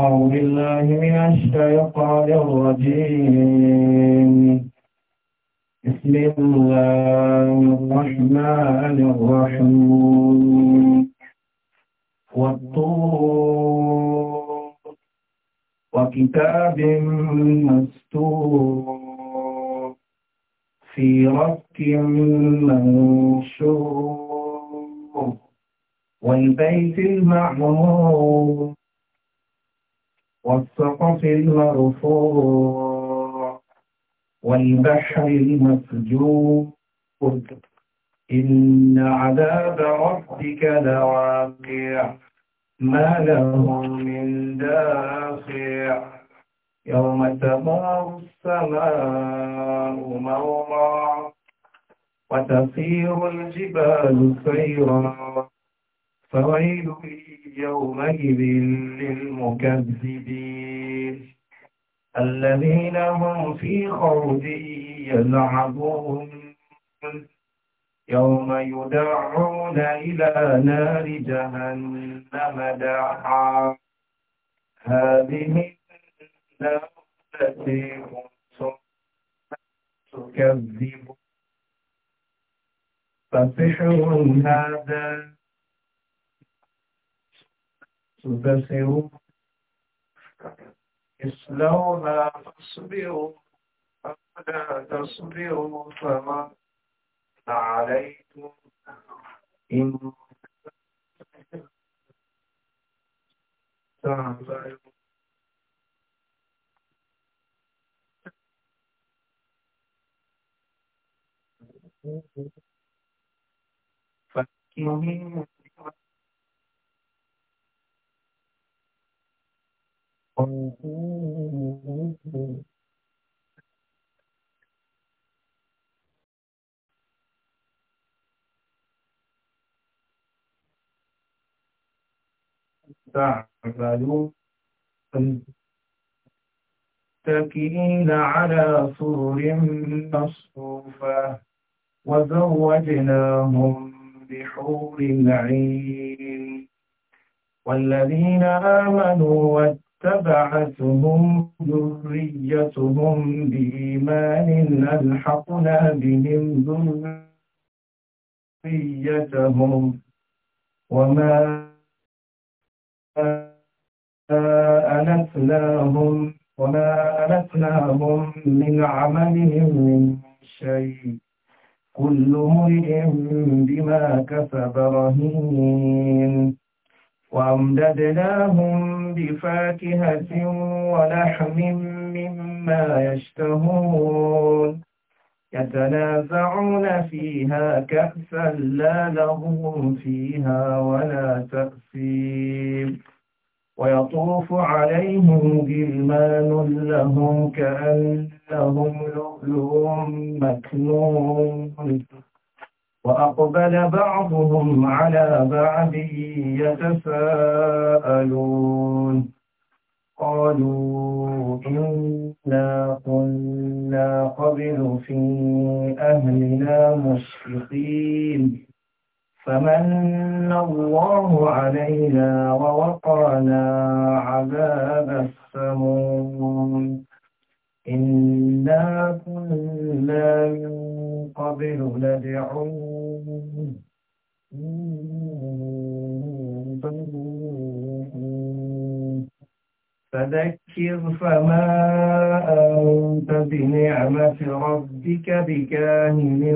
أعوذ بالله من الشيطان الرجيم بسم الله الرحمن الرحيم والطور وكتاب مستور في رق منشور والبيت المعمور والسقف المرفوع والبحر المسجود إن عذاب ربك لواقع ما له من دافع يوم تمر السماء مورا وتصير الجبال سيرا فويل يومئذ للمكذبين الذين هم في خوض يلعبون يوم يدعون إلى نار جهنم دعا هذه النار التي كنتم تكذبون فسحر هذا تبصروا اصلونا فاصبروا فلا تصبروا فما عليكم إن تعملوا فكهم تكين متكئين على سرر مصفوفة وزوجناهم بحور عين والذين آمنوا تبعتهم ذريتهم بإيمان ألحقنا بهم ذريتهم وما ألتناهم وما ألتناهم من عملهم من شيء كل امرئ بما كسب رهين وأمددناهم بفاكهة ولحم مما يشتهون يتنازعون فيها كأسا لا لهم فيها ولا تأثيم ويطوف عليهم غلمان لهم كأنهم لؤلؤ مكنون وأقبل بعضهم على بعض يتساءلون قالوا إنا كنا قبل في أهلنا مشفقين فمن الله علينا ووقعنا عذاب السموم إنا كنا من قبل ندعوه فذكر فما أنت بنعمة ربك بكاهن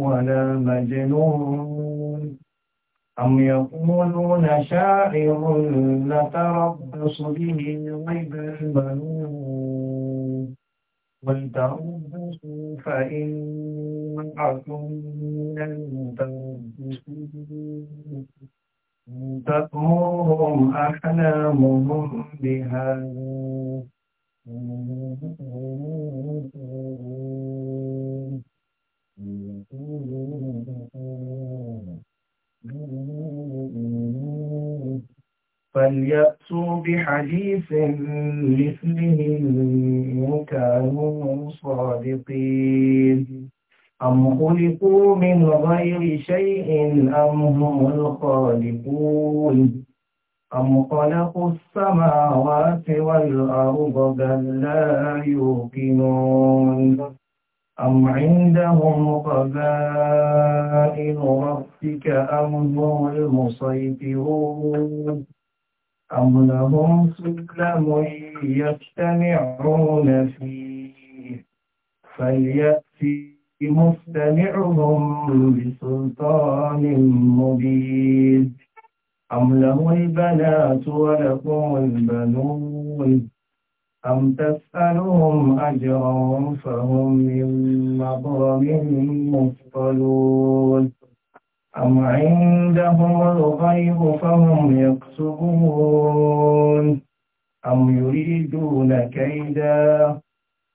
ولا مجنون أم يقولون شاعر نتربص به ريب المنون وَالْتَرَبُّصُ فَإِنَّكُمْ مِنَ الْمُتَرَبِّصِينَ تَقُوهُمْ أَحْلَامُهُمْ بِهَا Thank you. فليأتوا بحديث مثله إن كانوا صادقين أم خلقوا من غير شيء أم هم الخالقون أم خلقوا السماوات والأرض بل لا يوقنون أم عندهم قبائل ربك أم هم المسيطرون أم لهم سلم يجتمعون فيه فليأت مستمعهم بسلطان مبين أم له البنات ولكم البنون أم تسألهم أجرا فهم من مغرم مفطلون أم عندهم الغيب فهم يكسبون أم يريدون كيدا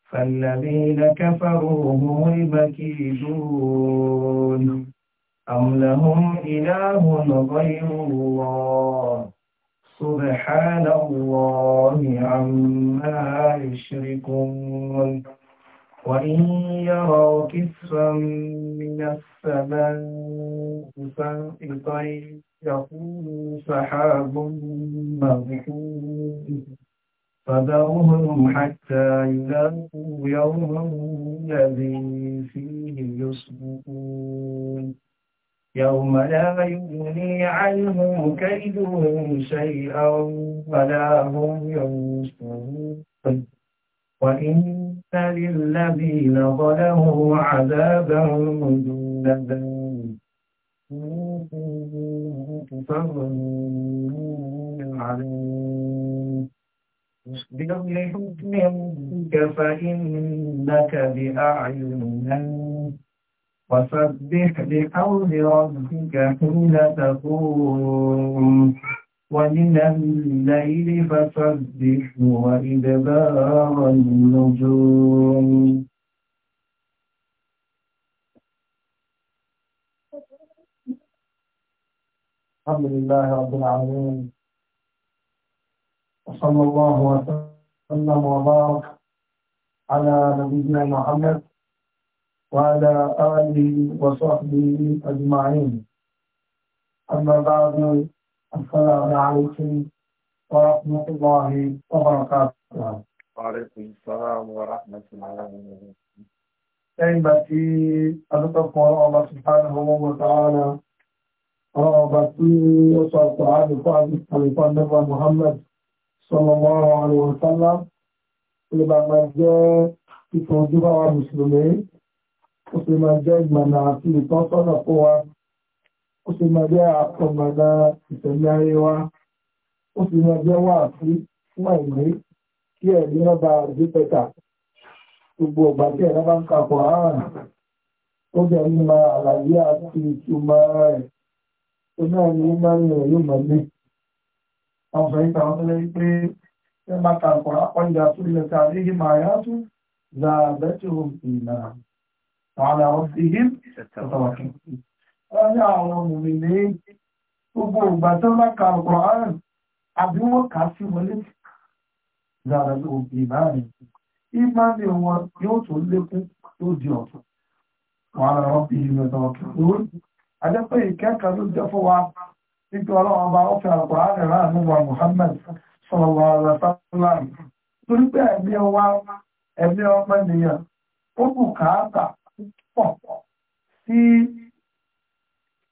فالذين كفروا هم المكيدون أم لهم إله غير الله سبحان الله عما يشركون وإن يروا كسرا من السماء فإن يقول سحاب مغفور فذرهم حتى يلاقوا يومهم الذي فيه يصبحون يوم لا يغني عنهم كيدهم شيئا ولا هم ينصرون وإن للذين ظلموا عذابا دون ذنب لحكم ربك فإنك بأعيننا وسبح بحول ربك حين تقوم ومن الليل فسبحه وإدبار النجوم الحمد لله رب العالمين وصلى الله وسلم وبارك على نبينا محمد وعلى آله وصحبه أجمعين أما بعد السلام عليكم ورحمة الله وبركاته وعليكم السلام ورحمة الله وبركاته لẹ́yìn bá tí adúgbàkùn ọlọ́ọ̀bá subhanahu wa ta'ala ọlọ́ọ̀bá tí ó sọ ọ̀pọ̀ àdìkọ́ àdìkọ́ nípa Muhammad sallallahu alaihi wa sallam olùbàmà jẹ́ ìfòjúbáwà mùsùlùmí ó sì máa jẹ́ ìgbàna ó sì máa jẹ́ àkọmọ̀nà ìṣẹ̀lẹ̀ ayé wa ó sì máa jẹ́ wà sí fún àìmọ́ kí ẹ̀rí náà bá àdé pẹ̀tà gbogbo ọ̀gbà tí ẹ̀rọ bá ń kakọ̀ ààrùn ó jẹ́ mímọ àlàyé àti ìtumọ̀ rẹ̀ tó náà ní mímọ́ rẹ̀ yóò mọ̀ ní. àwọn ọ̀sán yìí tàwọn pé ẹ máa kakọ̀ ọjà tó lè ta àdéhìí máa yá tó zàbẹ́tò ìlànà àwọn àwọn ìdíhìn ìṣẹ̀tẹ̀ wọ́n ní àwọn mùmìnì gbogbo ìgbà tí wọ́n bá ka ọ̀pọ̀ àrùn àbí wọ́n kà á sí wọn létí dára ló bí báyìí ìmáàmì wọn yóò tó lékún yóò di ọ̀tún wọn lọ bí ìrìnàjò ọ̀kẹ́kọ̀ọ́ àjẹpẹ́ ìkẹ́kọ̀ọ́ ló jẹ́ fún wa nítorí ọlọ́run ọba ọ̀fẹ́ àpò àrẹ̀ láàánú wa Muhammad sọ̀rọ̀ àlàsáfúlà torí pé ẹ̀mí wa ẹ̀mí ọmọ nìyẹn ó bùkátà púpọ̀ sí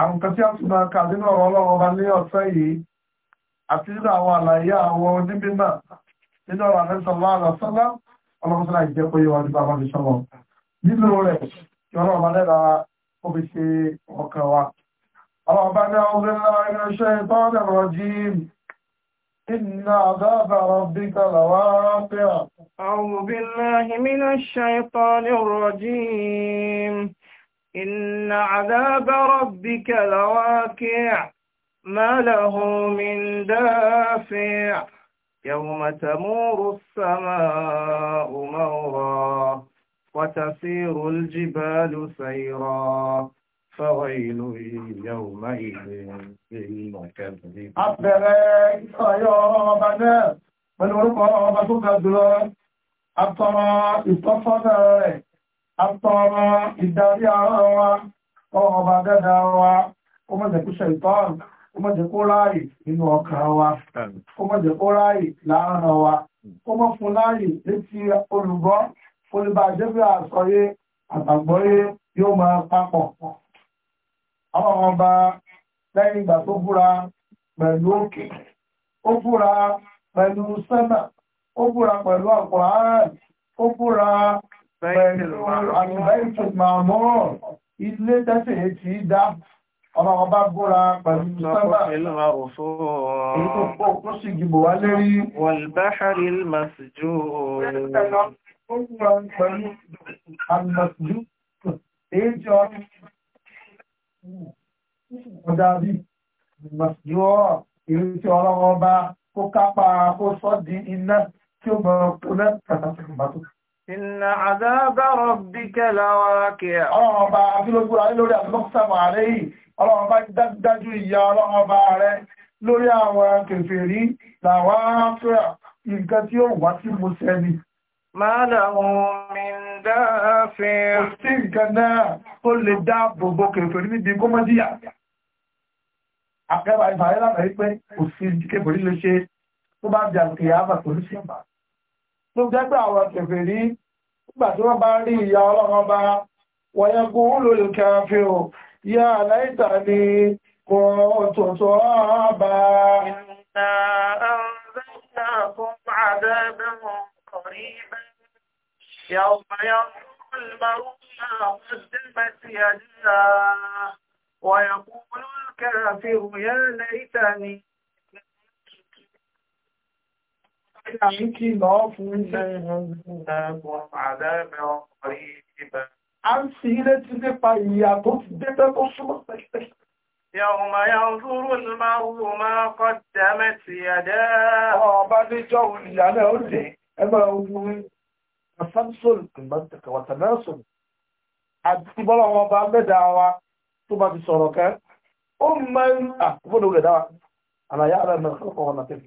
àwọn kan tí a ti máa kà nínú ọ̀rọ̀ ọlọ́run ọba ní ọ̀sẹ̀ yìí àti nínú àwọn àlàyé àwọn onímọ̀ nínú ọ̀rọ̀ àrẹ́sọ̀lá àlọ́sọ́lá ọlọ́mọsọ́lá ìjẹ́kọ́ yíwa ní bàbá mi sọ́lọ́ nínú rẹ̀ kí ọlọ́run bá lẹ́ra ó fi ṣe ọkàn wa ọlọ́run bá ní ọgbẹ́ lára ẹgbẹ́ iṣẹ́ ìtọ́rẹ̀ rọ̀jìm إن عذاب ربك لواقع أعوذ بالله من الشيطان الرجيم إن عذاب ربك لواقع ما له من دافع يوم تمور السماء مورا وتسير الجبال سيرا فويل يومئذ للمكذبين أبدا àtọrọ ìdarí ara wa ọba dada wa ó mọ̀jẹ̀ kó ṣẹ̀tọ́n ó mọ̀jẹ̀ kó ráàyè nínú ọkàn wa ó mọ̀jẹ̀ kó ráàyè láàárọ̀ wa ó mọ̀ fún láàyè létí olùgbọ́ olùbàjẹ́ bí àsọyé àtàgbọ́yé yóò máa papọ̀ ọba lẹ́yìn ìgbà tó búra pẹ̀lú òkè ó búra pẹ̀lú sẹ́nà ó búra pẹ̀lú àpò ààrẹ ó búra Àlùbáìtù Màmúrọ̀, ilé tẹ́sẹ̀ ti dá ọmọ ọba búra pẹ̀lú sábà. Ìlúmà òfò. Èyí tó pọ̀ tó sì gbìbò wá lérí. Wàlbáhárì Màsìjú. Ẹ̀nà ó búra pẹ̀lú Àmàsìjú. Èyí tí ọ Inna àdábà rọ̀bí kẹlà wà kíà. Ọlọ́run ọba akílógún ayé lórí àtúbọ̀kúsàmà rẹ̀ yìí, ọlọ́run ọba dájú ìyá ọlọ́run ọba rẹ̀ lórí àwọn kèfèrí làwá áfíà nǹkan tí ó wá sí mo sẹ́ni. Máa làwọn mi ń dáàfin. Kò sí nǹkan náà tó lè dáàbò bo kèfèrí níbi kó mọ́ díyà ló jẹ́ pé àwọn kẹfẹ̀ rí nígbà wọ́n bá rí ìyà ọlọ́run bá wọ̀nyẹ́kú olólùkẹ́ fi hàn yá aláìta ní kọ̀ọ̀tọ̀tọ̀ àbá يوم ويقول الكافر يا ليتني Ìlà ń kí lọ fún ilẹ̀ ìrìnàmọ̀ àdáẹ́mẹ́ ọkọ̀rí ìbẹ̀. A ń fi ilé ti nípa ìyà tó ti débẹ́ tó súnmọ́ pẹ̀lẹ̀. Yọ̀mà yàn fúrú ní máa wù máa kọ́ dẹ́mẹ́ ti àdẹ́. Ọba níjọ́ ìyà náà ó dé, ẹgbẹ́ ogun Asamson Mọ́tẹ̀kẹ̀wọ̀tẹ̀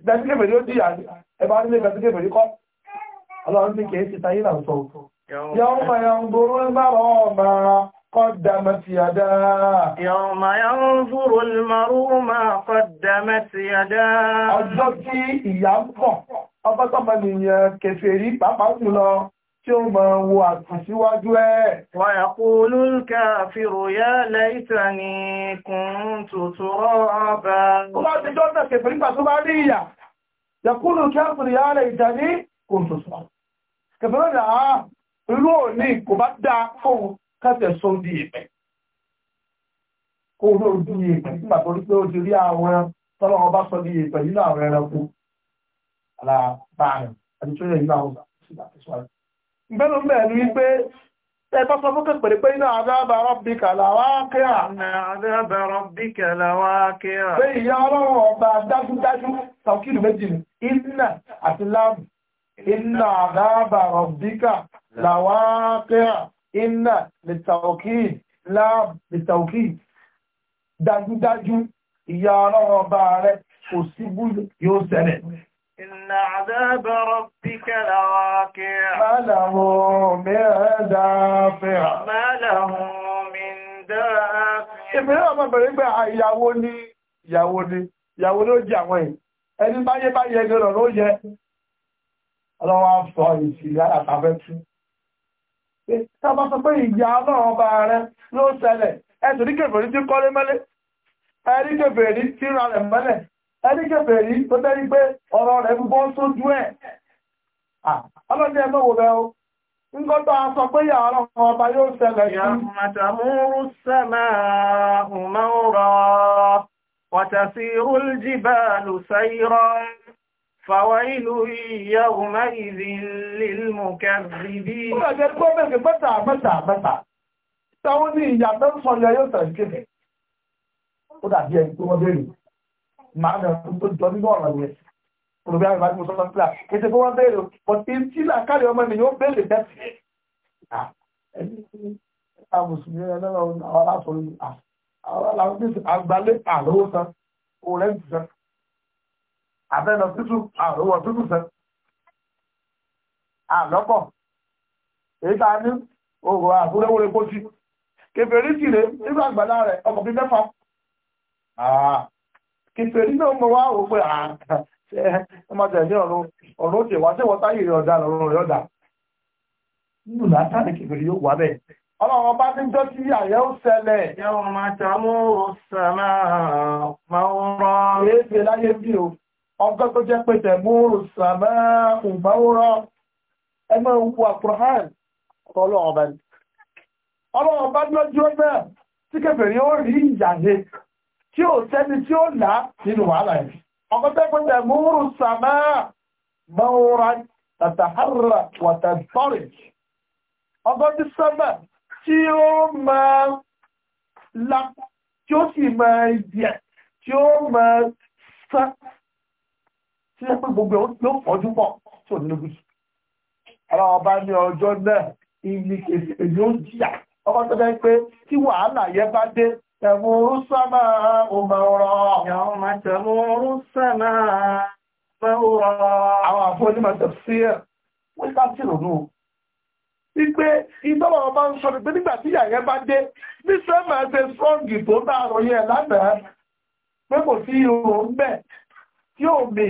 ìgbẹ̀síkèfè ni ó jìyà ní ẹbá nílé ìgbẹ̀síkèfè ní kọ́ ọlọ́run ní kìí sí tayé náà sọ yọ́mà yàǹgbòrò ìbára ọmọ قدمت يداه يوم ينظر المرء ما قدمت يداه ọjọ́ tí ìyà ń pọ̀ ọba tọ́mọ nìyàn kèfèrí tí ó máa wo àtúnṣíwájú ẹ̀. Wa yaqulu al-kafiru ya laytani kuntu turaba. Ó bá ti jọ́nà kèfèrí nígbà tó bá rí ìyà. Yaqulu al-kafiru ya laytani kuntu turaba. sọ di ìpẹ́ àwọn ẹranko. Àlàbà àti tó yẹ nínú àwọn ọ̀sán sí ìgbà ìgbẹ́nu mẹ́rin wípé ẹgbọ́ sọ fún kẹ̀pẹ̀rẹ̀ pé iná àdábà rọ́bíkà làwákíà pé ìyá ọlọ́run ọba dájúdájú sàkílù méjì ní iná àti láàmù iná àdábà rọ́bíkà làwákíà iná lìtàókì láàmù lìtàókì dájúdájú ìyá ọlọ́run ọba rẹ̀ kò síbú yóò ṣẹlẹ̀ إِنَّ عَذَابَ رَبِّكَ لَوَاقِعٌ مَا لَهُ مِنْ دافع مَا لَهُ مِنْ دافع ìmìíràn ọmọbìnrin gbé ìyàwó ní ìyàwó ní ìyàwó ló jẹ àwọn èèyàn ẹni báyé bá yẹ gẹ́rọ ló yẹ ọlọ́wọ́ sọ ìsìlẹ̀ àtàfẹ́ tú tàbá ìyá náà ọba rẹ ló ṣẹlẹ̀ ẹ̀sùn tí kọ́lé mẹ́lẹ̀ ẹ̀rí tí ra rẹ̀ mẹ́lẹ̀ ẹni kẹfẹ̀ rí tó tẹ́rí pé ọ̀rọ̀ rẹ̀ ń bọ́ sójú ẹ̀ ọlọ́dẹ ẹgbẹ́ wo bẹ́ o ńgọ́tọ̀ aṣọ pé yàrá ọba yóò ṣẹlẹ̀ sí màtàmúrú sẹ́mà ọmọọ̀rọ̀ wàtàsírù jìbàlù sayra fàwáìlú yawma idhin lil mukadhdhibin mẹ́ta mẹ́ta mẹ́ta táwọn ní ìyàtọ̀ sọ yẹ yóò tẹ̀lé kéde ó dàbí ẹni tó wọ́n bẹ̀rẹ̀ màánà tó jọ nínú ọ̀rọ̀ yẹn olùgbé àwọn ìbáraẹni sọ́sọ́ nípa ètò fún wọn bẹ́ẹ̀rẹ̀ pọ̀tí tí làkàrí ọmọ mi yóò bẹ́ẹ̀rẹ̀ bẹ́ẹ̀sì ẹni àmùsùnmí ẹlẹ́rọ àwọn aláṣọrí àgbálẹ̀ àlówó san òrẹ́ǹtì san àbẹ́nà títù àlówó títù san àlọ́pọ̀ èyí tá a a ah ní òòrùn àbúrẹ́wọ́rẹ́ kó sí kẹfẹ́rí sì rèé nígbà àgbàlá rẹ̀ ọkọ̀ bíi ah kìtẹ̀rí náà mọ̀ wá wò pé ọmọdé ọ̀rọ̀ ọ̀rọ̀ òkè wá síwọ́ táyé rẹ̀ ọ̀dà lọ́rọ̀ rẹ̀ ọ̀dà nínú látàrí kìtẹ̀rí yóò wà bẹ́ẹ̀ ọlọ́run bá ti ń jọ́ sí àyẹ́ ó ṣẹlẹ̀ yẹ́wọ̀n máa láyé bí o ọgọ́ tó jẹ́ pé tẹ̀mú ẹ máa ọlọ́run bá tí ó sẹ́ni tí ó là nínú wàhálà ẹ̀ ọkọ̀ tẹ́kùn tẹ̀ múrù sàmà mọ́ra tàtàhárà wàtàtọ́rì ọkọ̀ tí sàmà tí ó máa lápá tí ó sì máa yẹ tí ó máa sá tí ó pẹ́ gbogbo ló fọ́jú pọ̀ tí ò nínú gúúsù ara ọba ní ọjọ́ náà ìlú èyí ó jìyà ọkọ̀ tẹ́kùn pé tí wàhálà yẹn bá dé تمور السماء مورا يوم تمور السماء mẹ́wọ́ra àwọn àfọ́nímọ̀ tẹ̀sí ẹ̀ wọ́n bá tí rònú wípé ìtọ́lọ̀ ọba ń sọ pé nígbà tí yàyẹ bá dé ní sẹ́mà ẹsẹ̀ sọ́ǹgì tó dáàrọ̀ yẹ lánàá pé kò sí ìhòòhò ń bẹ̀ tí ò mì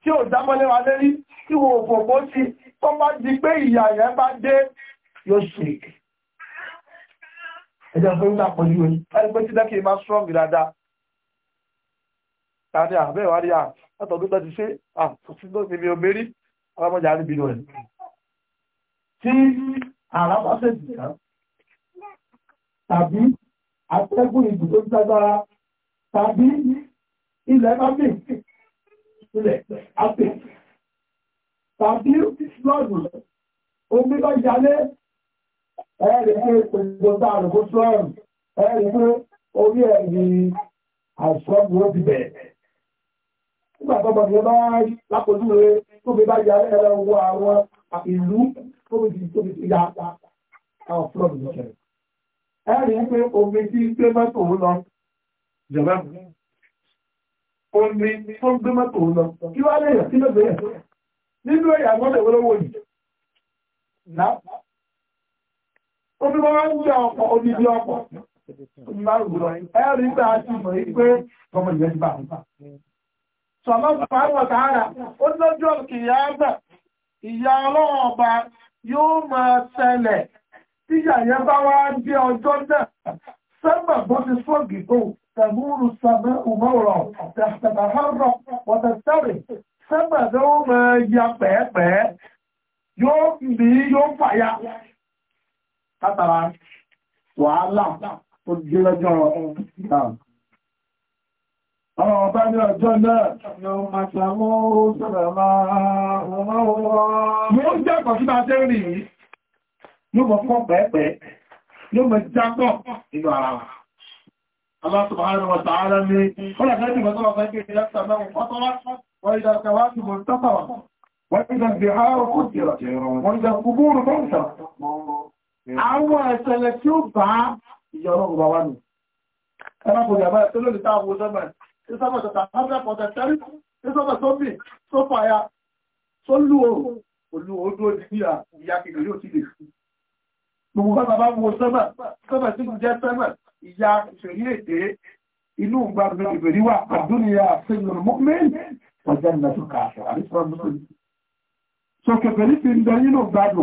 tí ò dámọ́lé wa lérí tí wò fòpó sí tó bá di pé ìyàyẹ bá dé yóò ṣèké ẹjọ́ fún ìgbà pọ̀jú oní ẹgbẹ́ tí dákì máa strong dáadáa tàbí àbẹ́ ìwárí à látọ̀dún tó ti ṣe àtúntò níbi omeri alámọ́jà níbi rẹ̀ tí ara bá fẹ́ jìkà tàbí atẹ́gùn ìbù tó dágbára tàbí ilẹ̀ bá mì ilẹ̀ àpè tàbí flood omi bá yalé ẹ̀rì pé gbogbo táàrù kó sọ́ọ̀rù pé orí ẹ̀rì àṣọ́bù ó ti bẹ̀rẹ̀. Nígbà tó ọba lápòjú rẹ̀ tó fi bá ya ẹ̀rọ owó àwọn ìlú tó fi ti tóbi ti ya àwọn fúlọ̀bù ló ṣẹlẹ̀. pé omi tí gbé mọ́tò lọ jọba omi tó gbé mọ́tò lọ kí wá lè yàn kí ló gbé nínú ẹ̀yà gbọ́dọ̀ bí wọ́n ń jẹ ọ̀pọ̀ oníbi ọ̀pọ̀ ẹ̀rí gbà sí mọ̀ pé ọmọ ìyẹn ti bá wọn bá. sọ̀mọ́ pàápàá tààrà ó lọ́jọ́ kìyà gbà ìyá ọlọ́run ọba yóò máa ṣẹlẹ̀ tí yàyẹ bá wá dé ọjọ́ náà sẹ́gbà bó ti fọ́ọ̀gì tó tẹ̀múrù sàmẹ́ òmọ́rọ̀ tẹ̀tẹ̀bàhárọ̀ wọ̀tẹ̀tẹ̀rì sẹ́gbà tó máa ya pẹ́ẹ́pẹ́ẹ́ yóò mí yóò fàyà látara wàhálà tó dé lọ́jọ́ Àwọn ọba ní ọjọ́ náà yóò máa ṣàmú sọ́rọ̀ máa wọ́n wọ́n. Yóò jẹ́ ọ̀pọ̀ tí bá tẹ́ rí yìí, yóò mọ̀ fọ́ pẹ́ẹ̀pẹ́, yóò mọ̀ jápọ̀ inú ara wa. Allah subhanahu wa ta'ala ni, ó lẹ́gbẹ́ jùmọ̀ tọ́wọ́ fẹ́ kí ẹ̀yà sàmẹ́wọ̀n fọ́tọ́wọ́, wọ́n ìdá kẹwàá ti mọ̀ tọ́tọ̀wọ́, wọ́n ìdá Hmm. àwọn ẹ̀ṣẹ̀lẹ̀ tí ó bá ìyọ̀rọ̀ ọ̀rọ̀ wà nù ẹmọ́kùn ìyàmọ́ ẹ̀ tó lórí táàbù sọ́mọ̀ tí sọ́mọ̀ tọ̀tà hundred percent tẹ́rí tí sọ́mọ̀ tó bì tó fàyà tó lú oòrùn olú odó ìdíyà ìyá kìkìrí ò ti lè fi gbogbo bàbá bá wo sọ́mọ̀ sọ́mọ̀ tí kò jẹ́ sọ́mọ̀ ìyá ìṣòrí èdè inú gbàgbé ìbèrí wà àdúnyà ń dẹ nínú gbàgbé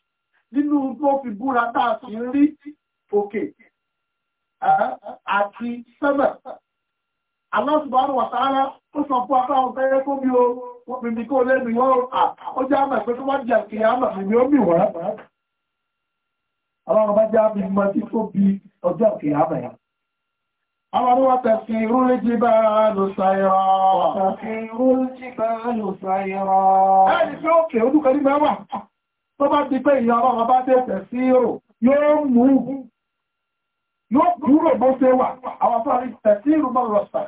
nínú tó fi búra tá a rí òkè àti sẹ́mẹ̀. Allah subhanahu wa ó sọ fún apá ọ̀fẹ́ kó mi o mímí kó lé mi wọ́n ó jẹ́ àmọ̀ ìpé tó bá jẹ kí àmọ̀ mímí ó mì wọ́n. Àwọn bá mọ́ tí tó bá di pé ìyá ọlọ́run bá tẹ̀sẹ̀ sí rò yóò mú yóò kúrò bó ṣe wà àwọn afárí tẹ̀sí ìrù mọ́ rọ̀ṣà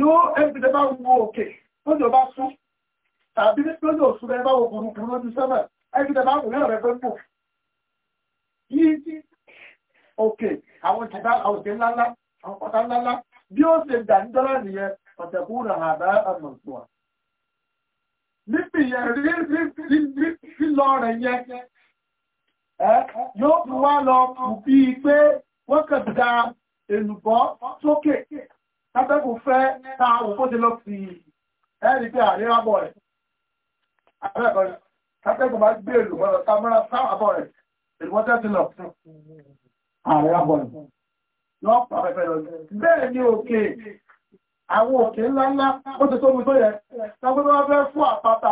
yóò ẹgbẹ̀rẹ̀ bá wo òkè lójò bá sún tàbí lójò òṣù rẹ̀ bá wo kùrùkùrù lójú sẹ́mẹ̀ ẹgbẹ̀rẹ̀ bá wù yóò rẹ̀ fẹ́ bò yíyí òkè àwọn ìjìdá òkè ńláńlá àwọn pátá ńláńlá bí ó ṣe dà ń dọ́là nìyẹn ọ̀tẹ̀kùn rẹ̀ àbá níbi yẹn lílọ rẹ̀ yẹn yóò fi wá lọ kù bí i pé wọ́n kàn da èlùbọ́ sókè tábẹ́kù fẹ́ ta òkóde lọ sí ẹ̀rí pé àríwá bọ̀ rẹ̀ àbẹ́ẹ̀kọ́ rẹ̀ tábẹ́kù bá gbé èlùbọ́ lọ tábẹ́rẹ́ sáwàbọ̀ rẹ̀ èlùbọ́ tẹ́sí lọ àríwá bọ̀ rẹ̀ lọ́pàá pẹ̀pẹ̀ lọ bẹ́ẹ̀ ni òkè àwọn òkè ńláńlá ó ti tóbi tó yẹ tábẹ́kù bá fẹ́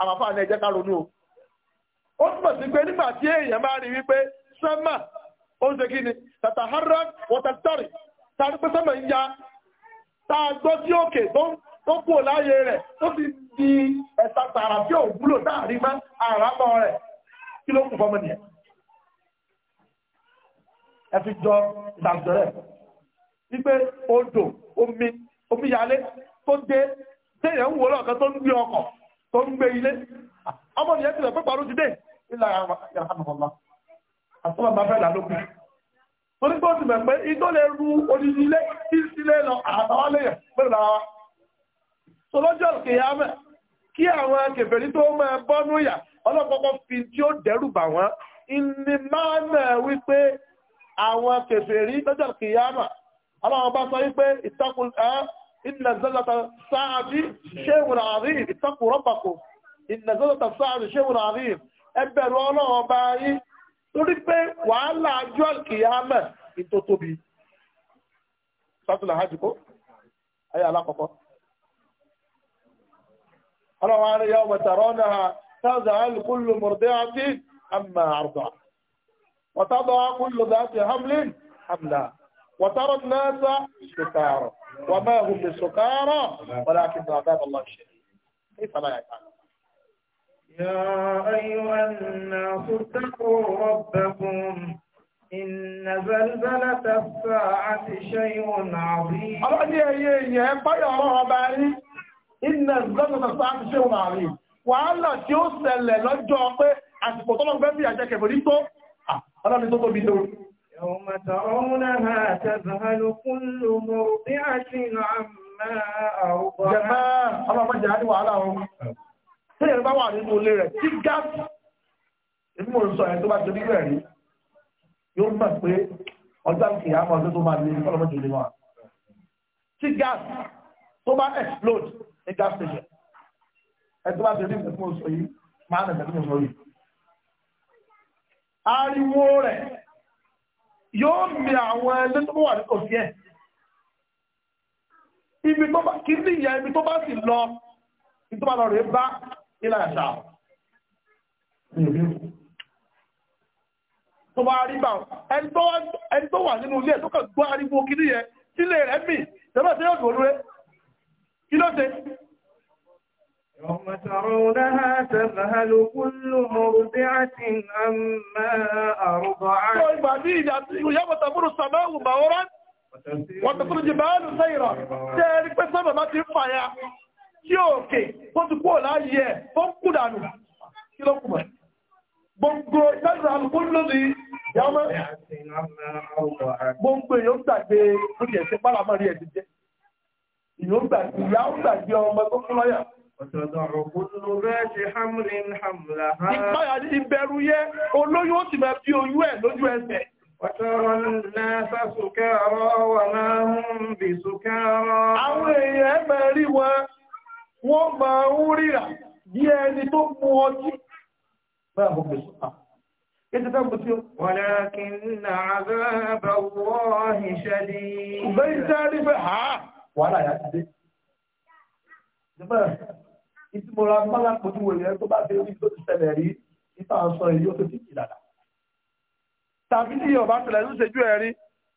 àwọn afọ àná ẹ̀jẹ̀ ká ronú o. ó túmọ̀ sí pé nígbà tí èèyàn bá rí wípé sẹ́mà ó ń ṣe kí ni tàtà hara water story tá a rí pé sẹ́mà ń ya tá a gbọ́ sí òkè tó kú ò láàyè rẹ̀ tó ti di ẹ̀sà tààrà tí ò wúlò táàrí mọ́ àràmọ́ rẹ̀ kí ló kù fọmọ nìyẹn. ẹ fi jọ ìdàgbọ́ rẹ̀ wípé odò omi omíyalé tó dé téèyàn ń wò lọ́ọ̀kan tó ń gbé ọkọ̀ tó ń gbé ilé ọmọ ìyẹn ti rẹ̀ pé parọ́ ti dé ilà ìyàrá àtọ́lọ̀ bá fẹ́ lálókù torí pé ó ti mẹ̀ pé ìtò lè ru odidi ilé tí sílé lọ àtàwọn lèyàn pẹ̀lú lára wa so lọ́jọ́ kìyàmẹ̀ kí àwọn kèfèrí tó máa bọ́nú ìyà ọlọ́pọ̀pọ̀ fi tí ó dẹ́rù bà wọ́n ìní máa nà wípé àwọn kèfèrí lọ́jọ́ kìyàmẹ̀ ọlọ́run bá sọ wípé ìtakùn إن زلة الساعة شيء عظيم اتقوا ربكم إن زلة الساعة شيء عظيم أبر الله باي تريبه وعلى عجوا القيامة إنتو تبي صلى أي علاقة قالوا على يوم ترونها تزعل كل مرضعة أما أرضع وتضع كل ذات حمل حملا وترى الناس سكارى وما هو بسكارى ولكن عذاب الله شديد كيف لا يفعلون يا أيها الناس اتقوا ربكم إن زلزلة الساعة شيء عظيم يا يا يا يا بالي إن زلزلة الساعة شيء عظيم wàhálà tí ó ṣẹlẹ̀ lọ́jọ́ pé àsìkò tọ́lọ́gbẹ́ bí àjẹkẹ̀bẹ̀ ní tó ọlọ́ni tó tóbi lórí يوم ترونها تذهل كل مرضعة عما أرضعت جماعة الله ما جعل وعلى هم سير بابا عليكم اللي رẹ̀ tí gáàsì ìbí mo sọ ẹ̀ tó bá ti rí rẹ̀ rí yóò mọ̀ pé ọjọ́ ìkè àmọ́ ọdún tó máa ní ọlọ́mọdé lè wà tí gáàsì tó bá explode ní gas station ẹ̀ tó bá ti rí rẹ̀ tí mo sọ yìí máa nà ẹ̀ tí mo sọ yìí ariwo rẹ̀ yóò mi àwọn ẹgbẹ́ tó wà nítò sí ẹ̀ ibi tó bá kí ní ìyá ibi tó bá sì lọ ibi tó bá lọ rẹ̀ bá ilá ẹ̀ṣà tó bá rí bá ẹni tó wà nínú ilé tó kàn gbọ́ ariwo kí ní yẹ sílé rẹ̀ mì tẹ́lẹ̀ tẹ́lẹ̀ òdòdó rẹ̀ kí ló ṣe يوم ترونها تذهل كل مرضعة أما أرضعت يوم تمر السماء مورا وتكون الجبال سيرا ذلك بس ما تنفع tí òkè tó ti kúrò láyé ẹ̀ tó ń kú dànù kí ló kùmọ̀ gbogbo ìtẹ́sà alùkún lórí ìyàmọ́ gbogbo èyàn gbàgbé orí ẹ̀ṣẹ́ pálámọ́ rí ẹ̀ ti jẹ́ ìyàn gbàgbé ọmọ tó kú lọ́yà Ìgbáyà ní ìbẹ̀rù yẹ, olóyún ó ti bẹ̀ bí oyún ẹ̀ lójú ẹsẹ̀. Àwọn èèyàn ẹgbẹ̀ rí wọn, wọ́n máa ń ríra bí ẹni tó mú ọjí. Bẹ́ẹ̀ mú bèèrè sọ́ta. Ètò tẹ́ mú ó. Walakin azaba ìtí mo ra mọ́lá pọ̀jù wò yẹn tó bá dé orí tó ti ṣẹlẹ̀ rí ìta sọ èyí ó tó ti kì dàda. tàbí tí ọba tẹlẹ ń ṣèjú ẹ rí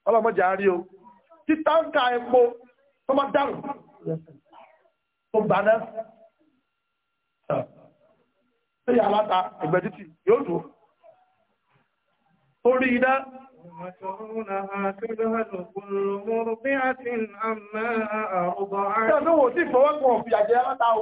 ọlọmọjà rí o tí táǹkà epo tó bá dàrú tó gbaná tó yà láta ẹgbẹ́ títì yóò dùn orí iná. Ìjọba ò sí ìfọwọ́pọ̀ òfìyàjẹ́ látà o.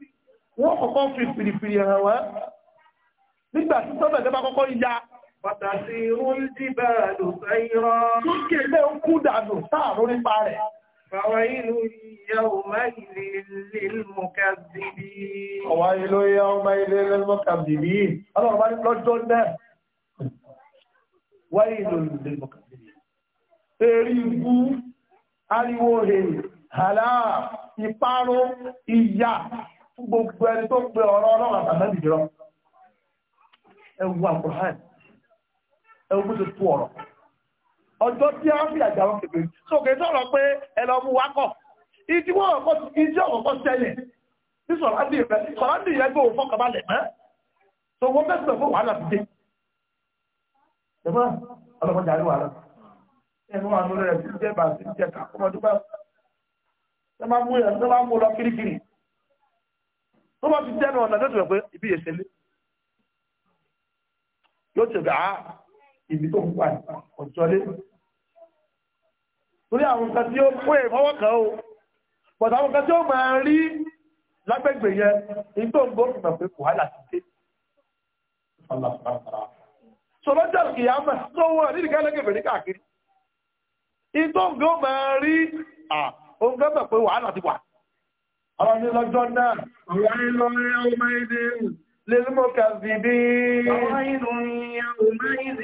wọ́n kọ́kọ́ fi pìrìpìrì hàn wá nígbà tí sọ́bẹ̀ tẹ́ bá kọ́kọ́ ya pàtàkì rúndì bẹ́ẹ̀ lò sẹ́yìnrọ́ sókè lẹ́ ń kú dànù sáàrùn nípa rẹ̀ فويل يومئذ للمكذبين فويل يومئذ للمكذبين الله ariwo he hala ìparun ìyà gbogbo ẹni tó gbé ọ̀rọ̀ ọlọ́run àtàlẹ́bì jọ ẹwù àkùrán ẹwù bó ṣe tó ọ̀rọ̀ ọjọ́ tí a fi àjàwọn kèfèrè tó kè sọ̀rọ̀ pé ẹlọ mú wákọ̀ ìdí wọ́n ọ̀kọ́ ìdí ọ̀kọ́ tẹ́lẹ̀ ní sọ̀rọ̀dì rẹ̀ sọ̀rọ̀dì rẹ̀ gbé òfò kọbalẹ̀ mẹ́ tó wọ́n bẹ́ẹ̀ sọ̀rọ̀ fún wàhálà ti dé ẹ̀fọ́ ọlọ́mọdé àrí wàhálà ẹ̀fọ́ àánú rẹ̀ ti jẹ́ bàtí jẹ́ kàkọ́mọdé bá ẹ máa mú lọ kirikiri tó bá fi dẹ́nu ọ̀nà lọ́tọ̀ pé ibi ìṣẹ̀lẹ̀ yóò ti gbà á ah, ibi tó ń pa ọ̀jọ́lé torí àwọn nǹkan tí ó pé ìfọwọ́ kan o pọ̀tà àwọn nǹkan tí ó máa rí lágbègbè yẹn ní tó ń gbó ìgbà pé kò hálà ti dé sọlọ́jà kì á mà tó wọ́n ní ìdíkà lẹ́gbẹ̀ẹ́ ní káàkiri ní tó ń gbó máa rí à òun gbẹ́gbẹ̀ pé wàhálà ti wà Àwọn ní lọ́jọ́ náà, àwọn ní lọ́rin ọmọ èdè للمكذبين ويل يومئذ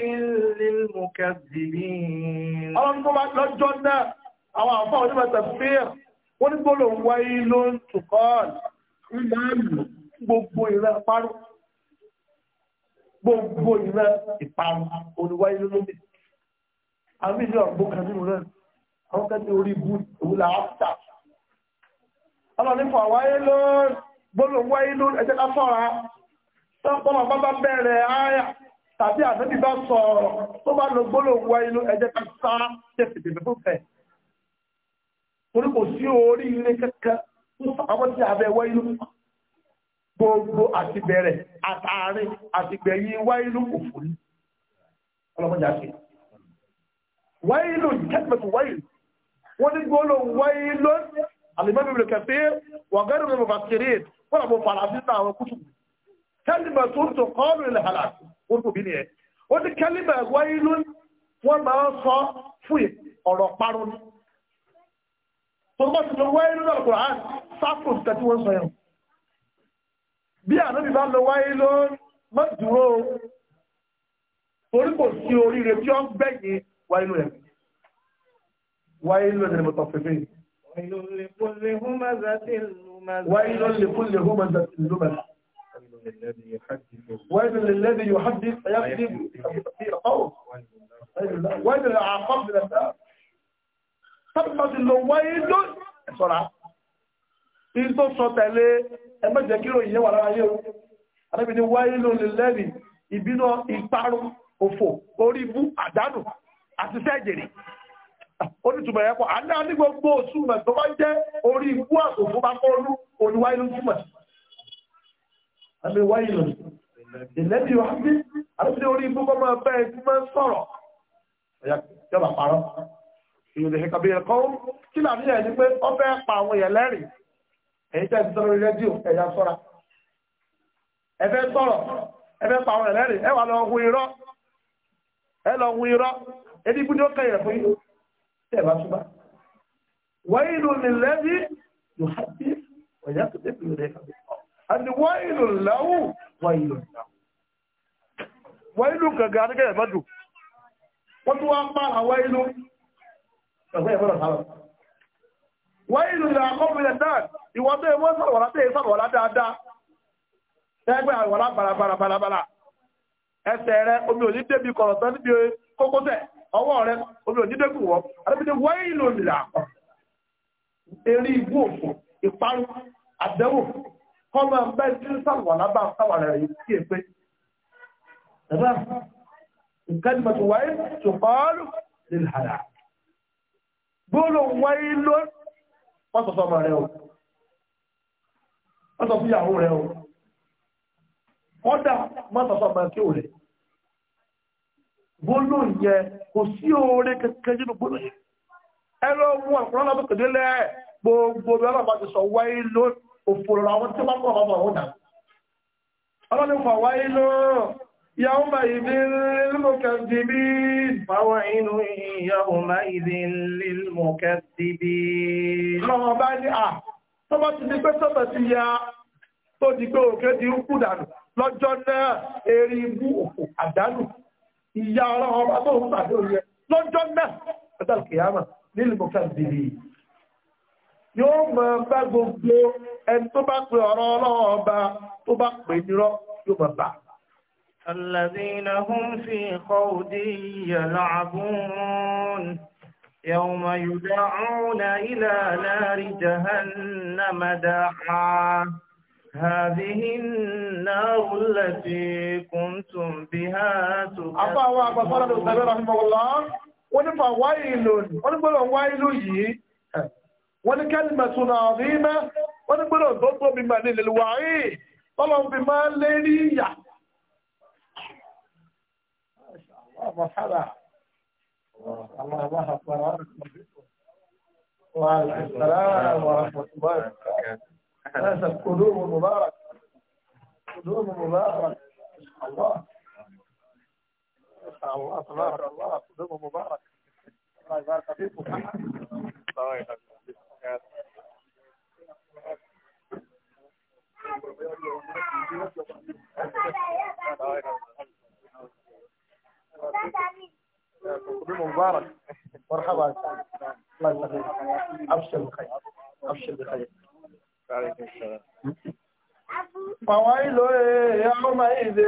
للمكذبين àwọn tó bá lọ́jọ́ náà àwọn àfáà onímọ̀ tafsir wọ́n ní gbọ́lọ̀ wáyé ló ń tukọ́ọ̀lù ìlànà gbogbo ìran parú gbogbo ìran ìparun oníwáyé ló lóbi àwọn ìjọ àgbókan nínú rẹ̀ àwọn kẹ́kẹ́ ọlọ́nífọ̀ wáyé ló gbóló wáyé ló ẹjẹ́ ká sọ́ra tọ́pọ̀ bá bá bẹ̀rẹ̀ áyà tàbí àdébí bá sọ̀rọ̀ tó bá lo gbóló wáyé ló ẹjẹ́ ká sá tẹ̀sí bèbè fún fẹ̀. torí kò sí orí ilé kankan tó sọ àwọn tí abẹ wáyé ló gbogbo àti bẹ̀rẹ̀ àtàárín àti gbẹ̀yìn wáyé ló kò fún ọlọ́mọdé àti jẹ́ pẹ̀lú wáyé wọ́n ní gbóló wáyé ló alimami ibn kathir wa gẹ́rù mi mufassirin wọ́n àbò faransé náà àwọn kútù kẹ́lìmọ̀ tó ń tó kọ́ọ̀lù ilẹ̀ halak wọ́n kò bí nìyẹn ó ní kẹ́lìmọ̀ wáyílú wọ́n máa ń sọ fún ọ̀rọ̀ parun ní tó bá ti lọ wáyílú náà kò rán sáfù nǹkan tí wọ́n sọ yẹn bí ànábì bá lọ wáyílú mọ́ dúró torí kò sí oríire tí ó ń gbẹ̀yìn wáyílú rẹ̀ wáyílú rẹ̀ mọ̀tọ̀fẹ́fẹ́ yìí ويل لكل همزة لمزة ويل لكل همزة لمزة ويل للذي يحدث فيكذب في القول ويل للعاقب من النار تبقى له ويل بسرعة إذا صوتالي ẹgbẹ́ jẹ́ kí ròyìn wà lára yẹ́ o àrẹ́bì ni wáyé ló lè lẹ́rìí ìbínú ìparun onítùmọ̀ ẹ̀kọ́ àná ní gbogbo òṣùmọ̀ tó bá jẹ́ orí ikú àtòkú bá kọ́ọ́lú olúwa inú túmọ̀ àmì wáyé ìlẹ́bí wa bí àti orí ikú kọ́ máa bẹ́ ikú máa sọ̀rọ̀ parọ́ ẹ̀kọ́ kí ẹ̀ ní pé ọ fẹ́ pa àwọn èèyàn lẹ́rìn ẹ̀yìn tẹ́ ti sọ rédíò ẹ̀yà sọ́ra ẹ fẹ́ sọ̀rọ̀ ẹ fẹ́ pa àwọn èèyàn lẹ́rìn ẹ wà lọ hun irọ́ ẹ lọ hun irọ́ tẹ̀wá túbá wáyìlú nílẹ́bí yóò há bí ọ̀yá tó tẹ̀ fìlú rẹ̀ kàbí àti wáyìlú láwù wáyìlú láwù wáyìlú gàgà àdúgbò ẹ̀fọ́ dùn wọ́n tún wá ń bá àwáyìlú gàgà ẹ̀fọ́ dùn sáwọn wáyìlú làkọ́bìnrin náà ìwọ́n tó ẹ̀wọ́ sàrọ̀wọ́lá tó ẹ̀ sàrọ̀wọ́lá dáadáa ẹgbẹ́ àwọ̀lá bàràbàràbàrà ẹsẹ̀ rẹ omi ò ní débi kọ̀rọ̀ tán níbi kókó tẹ̀ ọwọ́ rẹ omi òdídẹ́gùn wọ adébídé wáyé ìlú òmìnira àpọ̀ eré igbó òfò ìparun àdẹ́wò kọ́mọ ẹgbẹ́ tí ń sàwọ̀ lábà sàwọ̀ rẹ̀ yìí sí èpè ẹ̀bá nǹkan tí mo ti wáyé tó kọ́ọ́lù nílẹ̀ àdá gbọ́dọ̀ wáyé ló wọ́n sọ sọmọ rẹ o wọ́n sọ fún ìyàwó rẹ o kọ́dà wọ́n sọ sọmọ kí o rẹ̀ gbóló yẹn kò sí oore kẹkẹ nínú gbóló yẹn ẹ lọ mú ọ̀pọ̀lọpọ̀ lọ́pọ̀ kèdè lẹ́ gbogbo bí ọlọ́pàá ti sọ wáyé ló òfò lọ àwọn tí wọ́n pọ̀ ọmọ ọ̀hún dà ọlọ́pàá fà wáyé ló yàwó máa ìdí lílmù kẹsìbí fáwọn inú ìyàwó máa ìdí lílmù kẹsìbí lọ́wọ́ bá ní à tọ́bọ̀ ti ní pé sọ́bọ̀ ti ya tó di pé òkè di ń kú dànù lọ́jọ́ náà eré ibú òkú àdánù يارهم أبوهم أدوية لنجنة هذا القيامة للمكذبين يوم ما بقوا أن تبقوا رالهم تبقوا نيرو يوم ما الذين هم في خوض يلعبون يوم يدعون إلى نار جهنم دعاً هذه النار التي كنتم بها تكذبون أبا وأبا الخطابي رحمه الله ونفع ويل ونقول ويل يي ونكلمة عظيمة ونقول ضد بما للوعيد طلعوا بما ليلية ما شاء الله مرحبا الله أكبر الله وبركاته هذا قدوم مبارك قدوم مبارك الله الله تبارك الله قدوم مبارك الله يبارك فيكم الله يبارك قدوم مبارك مرحبا الله يبارك يسلمك ابشر بخير ابشر بخير فويل يومئذ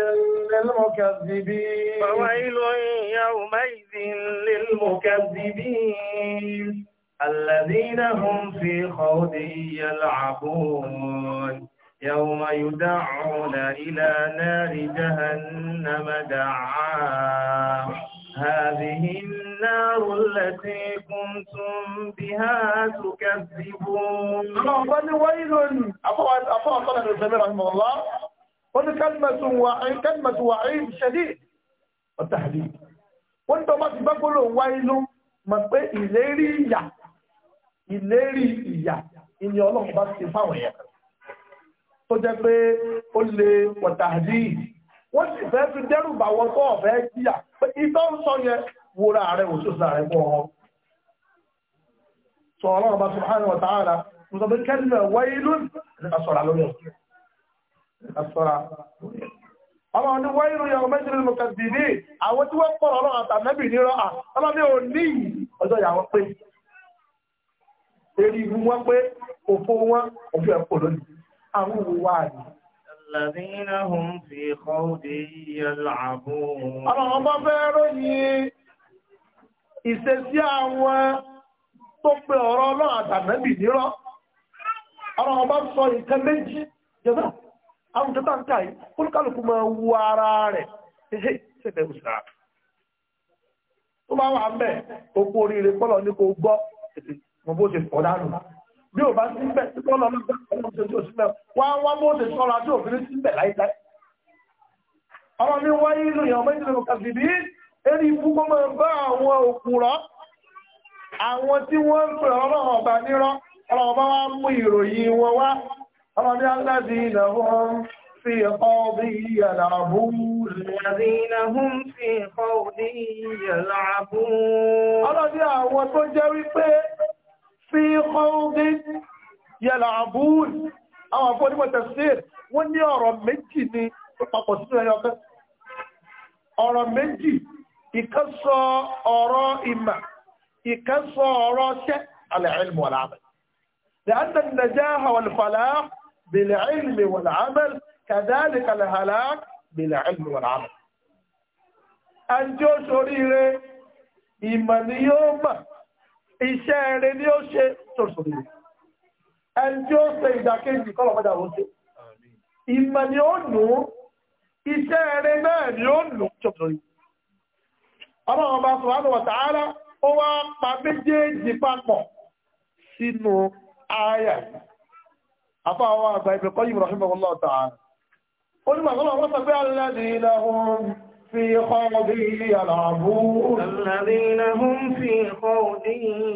للمكذبين فويل يومئذ للمكذبين الذين هم في خوض يلعبون يوم يدعون إلى نار جهنم دعاً هذه النار التي كنتم بها تكذبون الله ويل أفوى صلى الله رحمه الله قل كلمة وعيد كلمة وعيد شديد والتحديد وانت ما تبقى ويل ما pé ìlérí ìyà ìlérí ìyà ìní ọlọ́run bá ti fáwọn èèyàn tó wọ́n sì fẹ́ fi dẹ́rù bà wọ́n tó ọ̀fẹ́ jíyà pé ìtọ́ ń sọ yẹ wúra rẹ̀ òṣìṣà rẹ̀ pọ̀ ọ́ sọ ọlọ́run bá subhanahu wa ta'ala mo sọ pé wáyé lónìí ẹ̀ka sọ̀rọ̀ lórí ọmọ àwọn tí wọ́n pọ̀rọ̀ àtàmẹ́bì ò ní ah, ọjọ́ ìyàwó pé eré wọn pé wọn òfin ẹ̀kọ́ lónìí àwọn òwò wà الذين هم في خوض يلعبون Ọlọ́run bá fẹ́ ròyìn ìṣesí àwọn tó pe ọ̀rọ̀ Ọlọ́run àtànẹ́bì nírọ́. Ọlọ́run bá sọ nǹkan méjì jẹ́bá. Àwọn tó tàǹkà yìí, olúkálùkù máa wu ara rẹ̀. Ṣé ṣẹ̀dẹ̀ òṣà? Tó bá wà ń bẹ̀, òkú oríire pọ́lọ̀ ní kò gbọ́, mo bó ṣe pọ̀ dánù bí ò bá sí bẹ̀ tí kọ́ lọ́nà ọlọ́run tó tó síbẹ̀ wá wá bó ṣe sọ́ra tí òfin sí bẹ̀ láíláí. ọ̀rọ̀ mi wá nínú ìyàn ọmọ ìdílé kọ̀ọ̀kan sì bí eré ibú kọ́ máa bá àwọn òkúrọ̀ àwọn tí wọ́n ń pè ọlọ́run ọba nírọ́ ọlọ́run bá wá mú ìròyìn wọn wá ọlọ́run ní aláàdì ìnáwó في قوضه يلعبون الذين هم في قوضه يلعبون ọlọ́run ní àwọn tó jẹ́ wípé في خوض يلعبون او اقول ما تفسير وان يرى مجيني فقصنا يا اخي ارى مجي يكسى ارى اما يكسى ارى العلم والعمل لان النجاح والفلاح بالعلم والعمل كذلك الهلاك بالعلم والعمل ان جو شريره ايمانيوما iṣẹ́ eré ni ó ṣe sòsòrò ẹni tí ó ṣe ìdàkejì kọ́lọ̀ padà ó ṣe ìmọ̀ ni ó nù ú iṣẹ́ eré náà ni ó nù ú sòsòrò ọmọ ọba subhanahu wa ta'ala ó wá pa méjèèjì papọ̀ sínú àyà afọ àwọn àgbà ìbẹ̀kọ́ yìí rahimahullahu ta'ala ó ní màgbọ́n àwọn sọ pé alladhina hum في خوض يلعبون الذين هم في خوض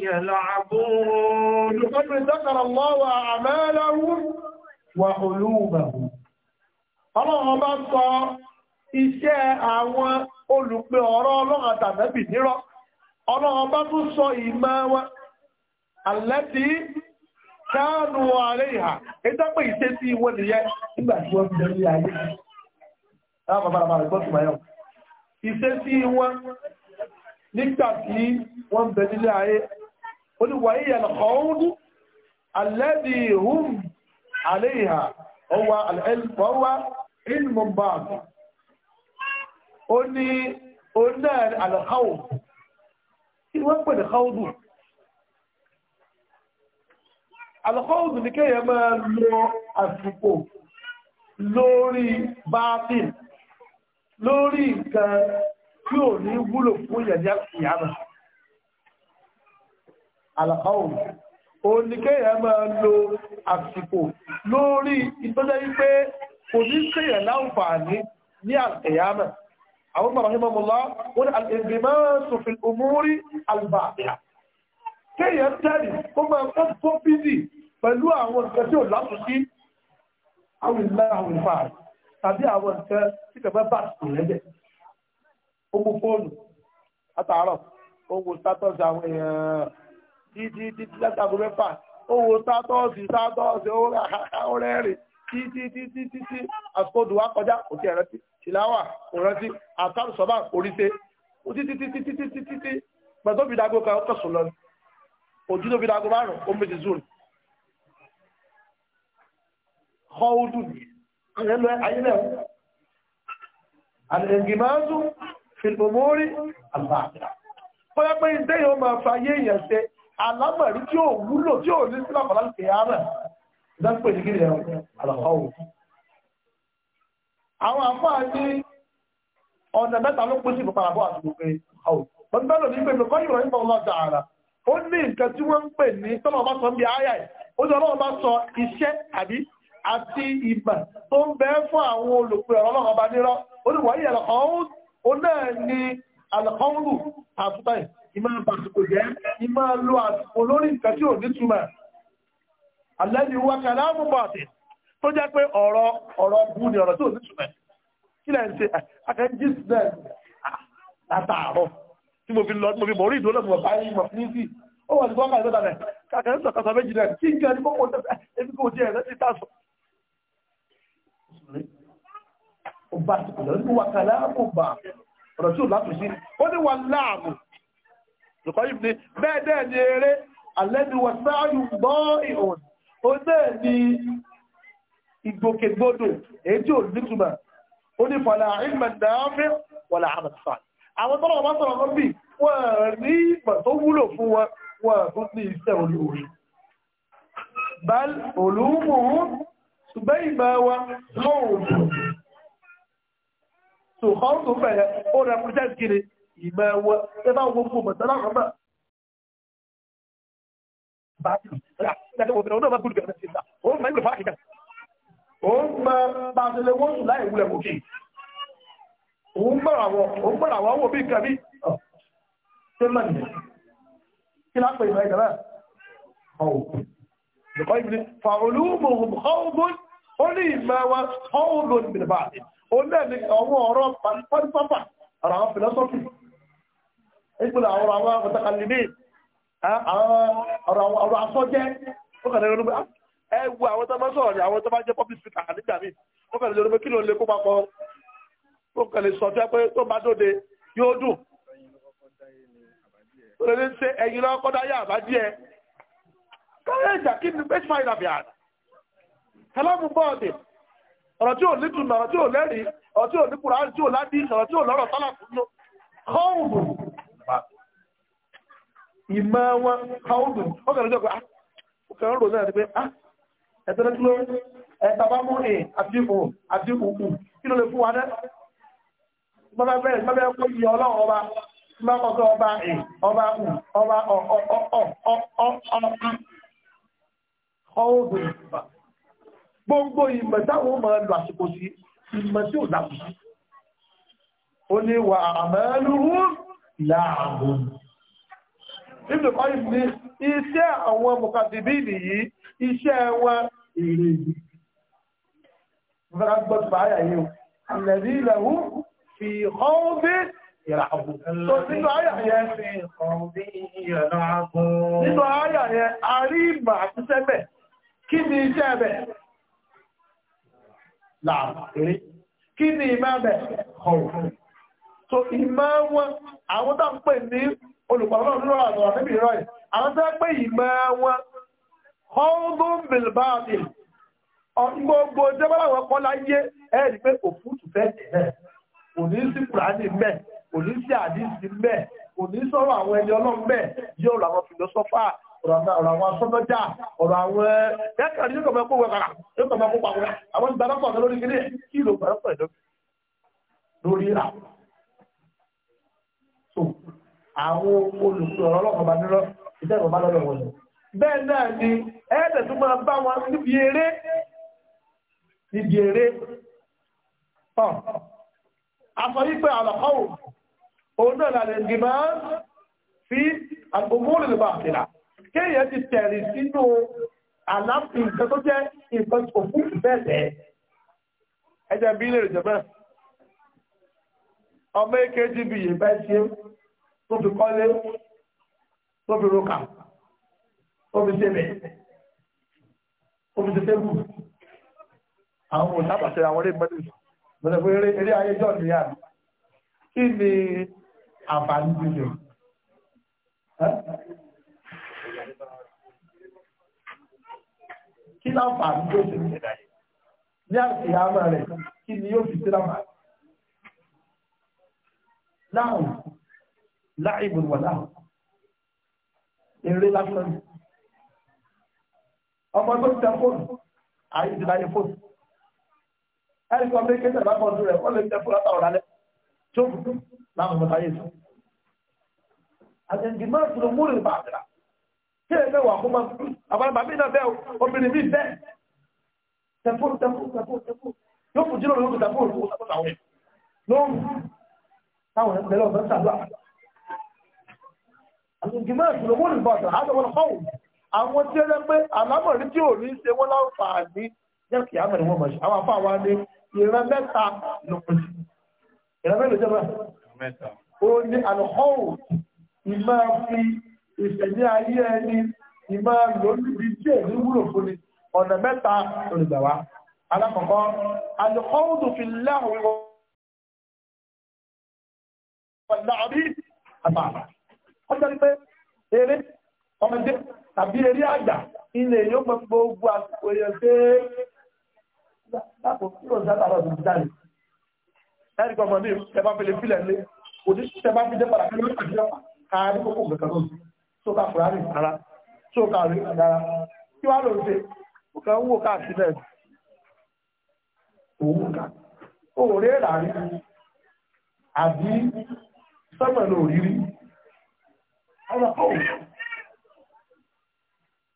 يلعبون لقد ذكر الله أعمالهم وقلوبهم ọlọ́run bá sọ iṣẹ́ àwọn olùpẹ ọ̀rọ̀ ọlọ́run àtàbẹ́bì nírọ́ ọlọ́run bá tún sọ ìmọ̀ wọn àlẹ́tí káànù ààrẹ ìhà ìtọ́pẹ̀ ìṣẹ́ sí ìwọ́n nìyẹn nígbàtí wọ́n fi lórí ayé ìṣesí wọn nígbà tí wọ́n bẹ nílé ayé oníwàyí ẹ̀lọ́ọ̀dún alẹ́bí hùm àléhà ọwà alẹ́lọ́wà ilmọ̀bàm ó ní onáàrin alẹ́kọ́wù kí wọ́n pè ní kọ́wùdù alẹ́kọ́wùdù ní kéèyàn lórí nǹkan tí ò ní wúlò fún ìyàjá ìyàmà alàkọ́wò oníkéyà máa lo àsìkò lórí ìtọ́jẹ́ wípé kò ní kéyà láǹfààní ní àkẹyàmà àwọn ọmọ ọmọ ọmọlá wọn àgbègbè máa sòfin òmúrí albàbíà kéyà tẹ́lì ó máa kọ́ tó bídì pẹ̀lú àwọn nǹkan tí ò àwọn ìlànà àwọn ìfààní tàbí àwọn nǹkan tí kẹ̀kẹ́ bá sùn lẹ́jẹ̀ ó mú fóònù látàárọ̀ ó wo status àwọn èèyàn títí títí látàgò mẹ́fà ó wo status status ó rẹ́rìn títí títí títí àsìkò dùwà kọjá kò tí ẹ̀ rántí tìláwà kò rántí àtàrù sọ́bà kò rí ṣe ó títí títí títí títí pẹ̀tọ́ fi dago kan ó kẹ̀sùn lọ ojú tó fi dago márùn-ún ó méjì zúrù. Kọ́ ó dùn yìí ẹlọ ayílẹ̀ alẹ́gbìmáàzù fìlmòmórí àlàáfíà bọ́yá pé ìdẹ́ yóò máa fa ayé èèyàn ṣe alámọ̀rí tí ó wúlò tí ó ní sílá pàlá lè ara ìdápò ìdíkìrì ẹ̀rọ àlàkọ́wò àwọn àfáà ní ọ̀nà mẹ́ta ló pín sí ìfipárabọ́ àti gbogbo ọ̀hún wọ́n bẹ́ẹ̀ lò ní pé nǹkan yìí rọ̀ nípa ọlọ́dà ara ó ní nǹkan tí wọ́n ń pè ní tọ́lọ́ bá sọ ń bi áyà ó ní ọlọ́run bá sọ iṣẹ́ àbí àti ìmọ̀ tó ń bẹ fún àwọn olùpẹ̀ ọlọ́run ọba nírọ́ oníwàyí ẹ̀lọ́kọ̀ọ́rùn ni àlọ́kọ̀ọ́rùn àtúntà ìmọ̀ àbàtìkò jẹ́ ìmọ̀ lo àsìkò lórí nǹkan tí ò ní túmọ̀ àlẹ́ni wá kàlá mú bọ̀ àti tó jẹ́ pé ọ̀rọ̀ ọ̀rọ̀ bú ni ọ̀rọ̀ tí ò ní túmọ̀ kí lẹ́ ń ṣe akẹ́jí sílẹ̀ ah, látàárọ̀ tí mo fi lọ mo fi mọ̀ orí ìdúró lọ́sùn ọ̀bá mọ̀ fún sí ó wà ní gbọ́ngàn ìlú ọba àtìkùlọ̀ ní wàkàlá àkùbà ọ̀rọ̀ tí ó látòsí ó ní wà láàmù lùkọ́ yìí ní bẹ́ẹ̀dẹ́ ni eré alẹ́ni wà sáàyù bọ́ ìhùn ó náà ni ìgbòkègbodò èyí tí ó ní túmọ̀ ó ní fàlà ìmọ̀dáfẹ́ wàlà àmàtà àwọn tọ́lọ̀ ọba sọ̀rọ̀ lọ bí wọ́n ní ìmọ̀ tó tó hàn tó bẹ̀rẹ̀ ó represent kiri ìmọ̀ ẹ̀wọ̀ ẹ bá wọ́n gbogbo mọ̀tẹ́lá kan náà. báàkì ẹ̀ẹ́dẹ́gbẹ̀rún ọdún ọba gbúdúgbẹ̀rún ẹ̀ẹ́dẹ́gbẹ̀rún ọdún ọba gbúdúgbẹ̀rún òun mọ bàtẹ̀lẹ̀ wọ́n sùn láì wulẹ̀ òkè òun gbọ́ra wọ́n òun gbọ́ra wọ́n wò bí nǹkan bí ṣe mọ̀ nìyẹn kí lápẹ̀ ìmọ̀ ẹ̀dẹ̀ náà ọ̀hún lùkọ́ ìbílẹ̀ fàrọ̀lùmọ̀ ọ̀hún ó ní ìmọ̀ wa ọ̀hún lónìí bìlẹ̀ báyìí ó lẹ́ẹ̀ni àwọn ọ̀rọ̀ pàrípàpà ara àwọn philosophy ìpínlẹ̀ àwọn àwọn ọ̀tàkàlìmí àwọn asọ́jẹ́ ó kàlẹ̀ lórí ah, ẹ wo àwọn tó bá sọ̀rọ̀ ní àwọn tó bá jẹ́ public speaker nígbà míì ó kàlẹ̀ lórí kí ló lè kó papọ̀ ó kàlẹ̀ sọ pé tó bá dóde yóò dùn ó lè ṣe ẹ̀yìn lọ́kọ́ dáyà àbájíẹ káyọ̀ ìjà kí ni bẹ́ẹ̀ fáìlà bíi àná kàlámù bọ́ọ̀dì ọ̀rọ̀ tí ò ní dùn ọ̀rọ̀ tí ò lẹ́rì ọ̀rọ̀ tí ò ní kúrò tí ò ọ̀rọ̀ tí ò lọ́rọ̀ tọ́lá fún lọ ìmọ̀ wọn kọ́ọ̀dù ó kẹ̀rọ jọ pé ó kẹ̀rọ rò náà ni pé á ẹ̀tọ́ gbogbo ìmọ̀ táwọn máa lọ àsìkò sí ìmọ̀ tí ò dákù sí ó ní wà àmọ́lúwú láàbò nínú kọ́yìn ní iṣẹ́ àwọn mọ̀kàtìbí nìyí iṣẹ́ wọn èrè yìí fẹ́rẹ́ gbọ́ tó báyà nínú àyà yẹn nínú àyà ìmọ̀ àti sẹ́bẹ̀ kí ni iṣẹ́ bẹ̀ láàrùn eré kí ni ìmọ̀ abẹ ọ̀rọ̀ so ìmọ̀ wọn àwọn tó ń pè ní olùpàdé náà nínú ọ̀rọ̀ àtọ̀rọ̀ níbi ìrọ̀ yìí àwọn tó ń pè ìmọ̀ wọn ọdún bilbaadi gbogbo jẹ́bọ́láwọ̀ kọ́ láyé ẹ̀rí pé òfútù fẹ́ tẹ̀lẹ̀ kò ní sí kùránì mẹ́ kò ní sí àdìsí mẹ́ kò ní sọ̀rọ̀ àwọn ẹni àwọn fìlọ́sọ́fà ọ̀rọ̀ àwọn asọ́lọ́jà ọ̀rọ̀ àwọn ẹ̀kàrí yóò kọ̀mọ́ ẹ̀kọ́ kàrà yóò kọ̀mọ́ ẹ̀kọ́ pàwọ́ àwọn ìgbàlọ́pọ̀ ọ̀gá lórí kílé kí ló gbàlọ́pọ̀ ẹ̀dọ́ lórí rà so àwọn olùkọ́ ọ̀rọ̀ ọlọ́kọ̀ bá nírọ̀ ìṣẹ́ ìrọ̀bá lọ́dọ̀ wọn lọ bẹ́ẹ̀ náà ni ẹ̀ẹ́dẹ̀ tó máa bá wọn níbi eré níbi eré ọ̀ àsọ yí pé àlọ́kọ́ òun náà làlẹ́ ìgbìmọ̀ fi àgbòmọ́ olùdìbò àtìlà kéèyàn ti tẹ̀rì sínú àlàáfíì nǹkan tó jẹ́ nǹkan òfin bẹ̀rẹ̀ ẹjẹ́ bí ilé ìjọba ọmọ ekgb yìí bá ṣe tó fi kọ́lé tó fi roka tó fi ṣe bẹ̀ tó fi ṣe tébù àwọn òṣàbàṣẹ àwọn eré mọ́tò mọ́tò fún eré ayéjọ́ nìyà kí ni àǹfààní ti lè kí láǹfààní yóò ṣe ní ẹ̀dá yìí ní àti àmà rẹ̀ kí ni yóò fi sí láǹfààní. láàrùn láìbùn wà láàrùn eré lásán ni ọmọ tó ti tẹ fóònù àyè ti láyé fóònù ẹni kan bí kéde bá bọ́ọ̀dù rẹ̀ wọ́n lè tẹ fóònù látàwọn lálẹ́ tó láwọn ọmọ táyé sọ. àtẹ̀ǹdì máa ń sọ̀rọ̀ múlò ṣé ẹ mẹ́wàá kó máa àbálàbà mí náà bẹ́ẹ̀ obìnrin mi bẹ́ẹ̀ tẹ̀fó tẹ̀fó tẹ̀fó tẹ̀fó yóò fún jíròrò lókè tẹ̀fó òkú sàtàwọn lóòrùn táwọn ẹgbẹ́ lọ́wọ́ bẹ́ẹ̀ sàdúrà àtùnkìmọ́ àwọn tí ó rẹ́ ní ṣe wọ́n láǹfààní àwọn afá wa ìṣẹ̀lẹ̀ ayé ẹni ìmọ̀ lóríbi tí èdè wúlò fún ni ọ̀nà mẹ́ta olùgbàwá alákọ̀ọ́kọ́ alùkọ́wùdù fi láhùn ọ̀làbí àbàbà ọjọ́ pé eré ọmọdé tàbí eré àgbà ilẹ̀ yóò mọ gbogbo àsìkò èèyàn pé lápò kúrò sátàrà ọ̀dùn jáde ẹnì kan mọ̀ ní ìtẹ́bá fi lè fílẹ̀ lé òdí tẹ́bá fi jẹ́ padà kí ló ń pàdé ọ̀pá káàdì sókà fúrárì ara sókà rí àdára kí wá ló ṣe ó kàn ń wò káàkiri ẹ̀ òun kà ó rí èrà rí àbí sọ́mọ̀lú òrírí ọ̀rọ̀ ọ̀hún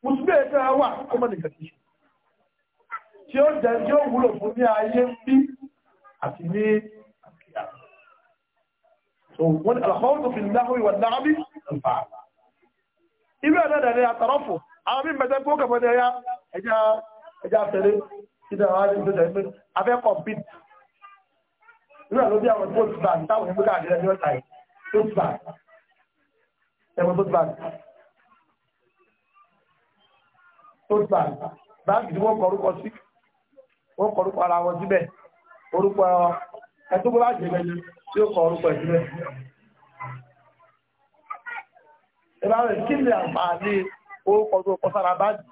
musulmi ẹ̀kẹ́ wà kọmọ̀nìkà tí tí ó jẹ́ tí ó wúlò fún ní ayé bí àti ní àkíyà so wọ́n ni alhọ́ọ̀tọ̀ fi láhùn ìwà láàbí ìfàà irú ẹ̀rọ ẹ̀rẹ́ àtàrọ́fù àwọn mí mẹ́tẹ́ kó kẹfẹ́ ní ẹ̀yà ẹja tẹ̀lé ìdá àwọn àti ìdọ̀jẹ̀ ìpín afẹ́ kọ̀mpít irú ẹ̀rọ bí àwọn vote bank táwọn ìpínlẹ̀ àdìrẹ́ ní ọ̀tà yìí vote bank ẹ̀wọ̀n na bank vote bank báńkì tí wọ́n kọ orúkọ sí wọ́n kọ orúkọ ara wọn orúkọ tí ó kọ orúkọ ìbáwẹ̀ kí ni àǹfààní orúkọ tó kọ sára báàgì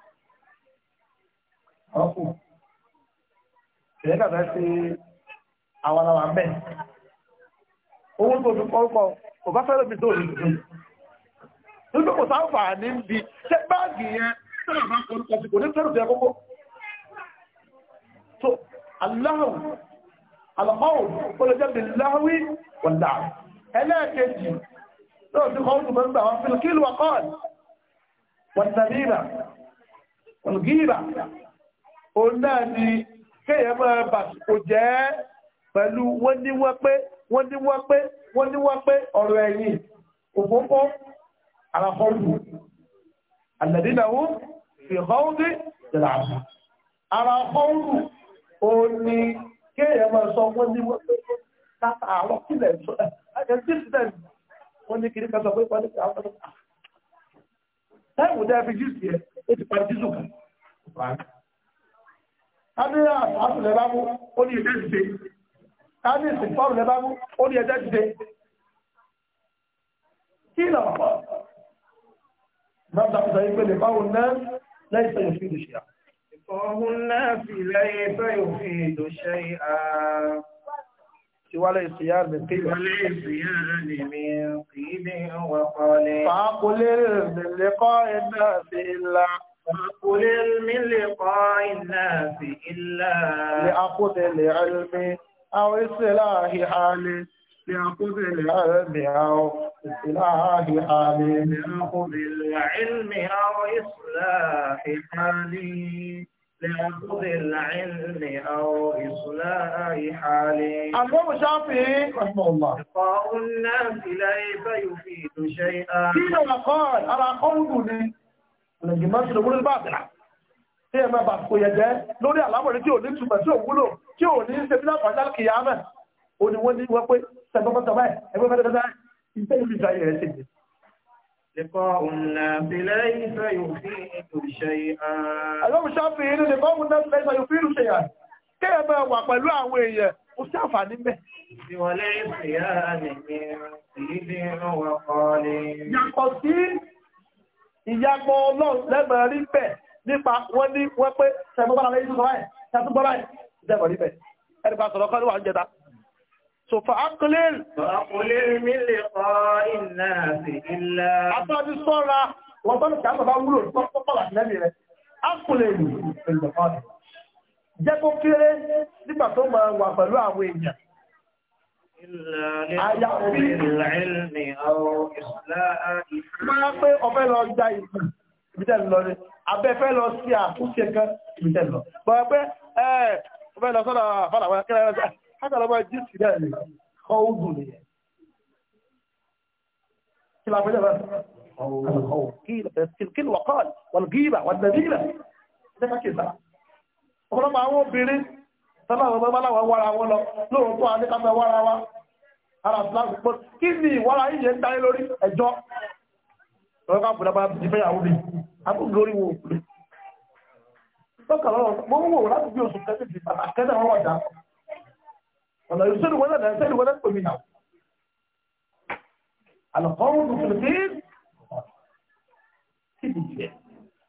ọkù ìrẹ́kàtà sí àwọn àwọn àmẹ́ owó tó fi kọ́kọ́ kò bá fẹ́rẹ̀ bí tó rí jù nígbà kò sáfà ní bí ṣe báàgì yẹn tẹ́lẹ̀ bá orúkọ sí kò ní fẹ́rẹ̀ bí akọ́kọ́ so aláhùn aláhùn ó láwí wọ̀lá ẹlẹ́ẹ̀kejì náà tí kọ́ọ̀tù mọ́ ń gbà wọ́n fílù kílù ọkọ́ọ̀n wọ̀tàríra ọ̀gíra òun náà ni kéèyàn máa bà kò jẹ́ pẹ̀lú wọ́n ní wọ́n pé wọ́n ní wọ́n pé wọ́n ní wọ́n pé ọ̀rọ̀ ẹ̀yìn òfófó àràkọ́ọ̀tù àlẹ́dínàwó fi họ́ọ̀dí ìlànà àràkọ́ọ̀tù òun ni kéèyàn máa sọ wọ́n ní wọ́n pé látàárọ̀ kílẹ̀ wọ́n ní kiri kásọ̀ pé parí kí àwọn ọ̀dọ́. táìmù dẹ́ fi jù sí ẹ ó ti parí jù kan. adéyà àtàkùn lẹ́ bá mú ó ní ẹ̀jẹ̀ ti dé. káàdì ìsìn fọ́ọ̀mù lẹ́ bá mú ó ní ẹ̀jẹ̀ ti dé. kí lọ pọ̀. bàbá àtúntò yìí pé báwo náà lẹ́yìn sẹ́yìn fi lè ìfọ̀hún náà fi lẹ́yìn sẹ́yìn fi lè سوى الاختيار من قيمة والاختيار من قيمة وقال فأقلل من لقاء الناس إلا فأقلل من لقاء الناس إلا لأخذ العلم أو إصلاح حالي لأخذ العلم أو إصلاح حالي لأخذ العلم أو إصلاح حالي لعبد العلم أو إصلاح حالي الإمام الشافعي رحمه الله لقاء الناس ليس يفيد شيئا قيل وقال أرى قوله الانجماس الأمور الباطلة tí ẹ máa bà kò yẹ jẹ́ lórí àlámọ̀rí tí ò ní túmọ̀ tí ò wúlò tí ò ní لقاء الناس ليس يفيد شيئا يفيد شيئا kéèyàn bẹ́ẹ̀ wà pẹ̀lú àwọn èèyàn ó sí àǹfààní mẹ́. ìwọlé ìfìyà ni mi èyí bí inú wa kọ́ ni. yàtọ̀ sí ìyàgbọ́ ọlọ́run lẹ́gbẹ̀ẹ́ rí bẹ̀ nípa wọ́n ní wọ́n pé ṣẹ̀gbọ́n bá lálẹ́ tó sọ báyìí ṣẹ̀tún bọ́ báyìí ṣẹ̀gbọ́n rí bẹ̀ ẹnì kan sọ̀rọ̀ kọ́ ní ń jẹta so fa akọlẹ́l àtọ́jú sọ́ra wọ́n tọ́lù kí a bàbá wúlò pọ́pọ́lá lẹ́bí rẹ̀ akọlẹ́l ìgbẹ̀kọ́lẹ̀ jẹ́ kó kéré nígbà tó máa wà pẹ̀lú àwọn èèyàn àyàfí máa pé ọfẹ́ lọ gba ìgbà ìbítẹ̀ lọ rẹ̀ abẹ́fẹ́ lọ sí àtúnṣe kan ìbítẹ̀ lọ bọ̀ pé ẹ̀ẹ́ ọfẹ́ lọ sọ́dọ̀ fàlàwọ̀ kẹ́lẹ́ látàlọ́bà jí sí rẹ̀ ní kọ́ọ̀gùn nìyẹn kí la fẹ́lẹ̀ bá kí lọ kọ́ọ̀lù wàlùgíìbà wàlùgíìbà lẹ́ka kìí sára ọ̀pọ̀lọpọ̀ àwọn obìnrin sọ́lọ́wọ́ bá láwọn wára wọn lọ lóòótọ́ adékáfẹ́ wára wa ara fúláàfù pọ̀ kí ni ìwára yíyẹ ń dáyé lórí ẹjọ́ lọ́kà fúláàfù ti fẹ́ yàwó mi àbúrò lórí wo lọ́kà lọ́wọ́ láti bí oṣù kẹ́sì ti pàtàkì kẹ́sì ولا يرسل ولا لا يرسل ولا يقوم منه القول في الخير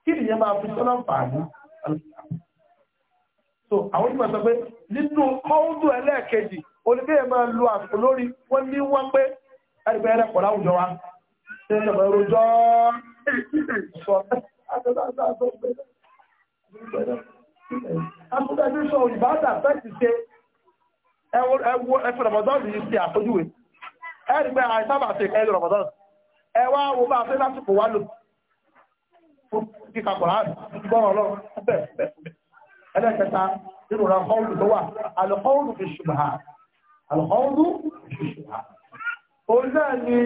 kí ni yẹn máa fi sọ́nà fàánú so àwọn ìgbà sọ pé nínú kọ́ńdù ẹlẹ́ẹ̀kejì oníbẹ̀ẹ́ máa lo àpò lórí wọ́n ní wọ́n pé ẹgbẹ́ ẹ̀rẹ́ pọ̀ láwùjọ wa ṣe ń ẹrọjọ́ sọ ẹfẹ́ Ramadan yìí sí àpójúwe ẹ̀rì pé àìsábà ṣe ẹ̀rì Ramadan ẹ wá wo bá fẹ́ lásìkò wá lò fún kíkà Kùránì gbọ́rọ̀ ọlọ́run bẹ́ẹ̀ bẹ́ẹ̀ ẹlẹ́kẹta nínú ra kọ́ọ̀lù tó wà alùkọ́ọ̀lù fi ṣùgbà alùkọ́ọ̀lù fi ṣùgbà òun náà ni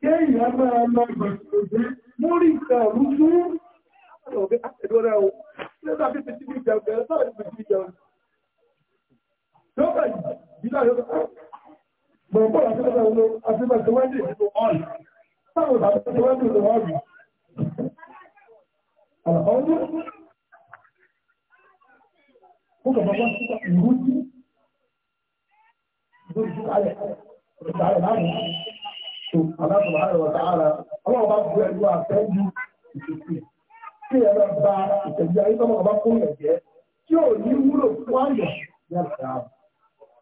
kéèyàn máa lọ gbẹ̀gbẹ̀ múrí ìfẹ́ òun fún ọ̀rọ̀ bí ah, yóò bẹ̀ ìdílé yóò bọ̀ bọ̀ láti ọjọ́ ìlú àfihàn tí wọ́n dì nínú ọ̀lù táwọn bàbá tí wọ́n dì nínú ọ̀lù ọ̀lù ó kọ̀ bàbá sí ìlú tí lórí sí alẹ̀ ìtàlẹ̀ láàmú tó aláàbò àrẹwà tààrà ọlọ́wọ́ bá bu ẹlú àfẹ́jú ìṣèṣì kí ẹ̀rọ bá ìtẹ̀jú ayé tọ́mọ̀ bá kó yẹ̀ jẹ́ tí ò ní wúlò fún àyọ̀ ní àgbà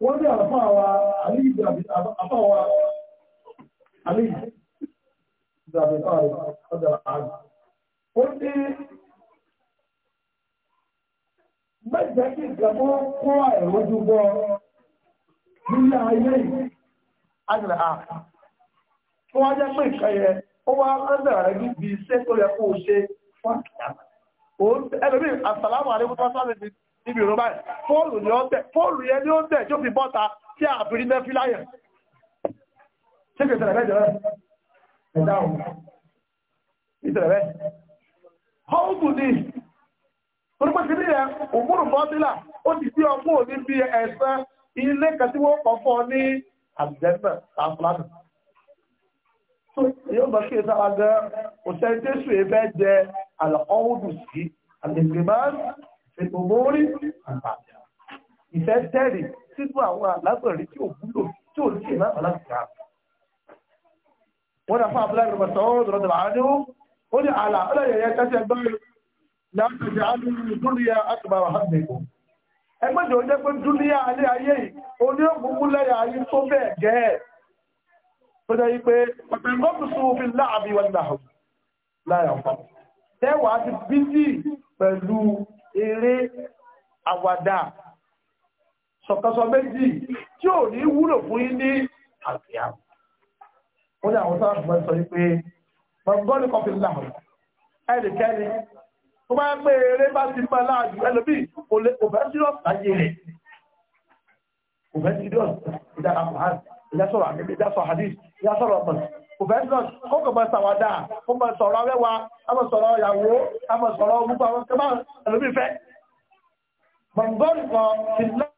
wọ́n ní àfáwà àlíjì àfáwà àlíjì ìdàbí ààrẹ ọjà ààrẹ ó ní mẹ́jẹ́ kí ìgbàmọ́ kó àìrójú bọ́ nílé ayé àjẹ́lẹ̀ ààrẹ tó wá jẹ́ pé ìkẹyẹ ó wá ọ́dà rẹ̀ bí iṣẹ́ tó yẹ kó ṣe fún àkìyà ẹlòmí àsàlámù àríwútọ́ sáàrẹ̀ níbi ìrún báyìí fóònù ni ó tẹ̀ fóònù yẹn ni ó tẹ̀ tó fi bọ́ta tí àbírí mẹ́fí láyẹ̀ ṣé kìí ṣẹlẹ̀ bẹ́ẹ̀ jẹ́ bẹ́ẹ̀ ẹ̀dá òun kìí ṣẹlẹ̀ bẹ́ẹ̀ hóòtù ni torípé ti ní yẹn òmùrù mọ́tílà ó ti sí ọgbọ́n òní bí sí àlèkèmọ́ ètò mórí àgbàjá ìfẹ́ tẹ́rì sínú àwọn alágbẹ̀rí tí ò wúlò tí ò lè láwọn alágbèká wọ́n dà fún abúlé ìrọ̀bọ̀tọ̀ ọ̀dọ̀rọ̀ dàbà á ní ó ní àlà ọlọ́yẹ̀yẹ tẹ́tẹ́ gbọ́rẹ̀ láàrín àlú dúnlẹ̀ àtùbàrà hàmìkò ẹgbẹ́jọ jẹ́ pé dúnlẹ̀ alẹ́ ayé yìí ó ní òkúkú lẹ́yà ayé tó tẹ́wàá ti bíjì pẹ̀lú eré àwàdà sọ̀kọsọ méjì tí ò ní wúlò fún yín ní àgbà ó ní àwọn sáà fún ẹ sọ wípé mọ̀gbọ́nì kọfí láàrùn ẹnìkẹ́ni tó bá pé eré bá ti máa láàjù ẹlòmíì kò fẹ́ sí ọ̀sán ayé rẹ̀ kò fẹ́ sí ọ̀sán professors kókò mọ́ sàwádà kó mọ́ sọ̀rọ̀ awẹ́wà àmọ́ sọ̀rọ̀ ìyàwó àmọ́ sọ̀rọ̀ gbogbo àwọn kẹfà ẹ̀lómi fẹ́ mọ̀ngọ́rì kan ti lọ́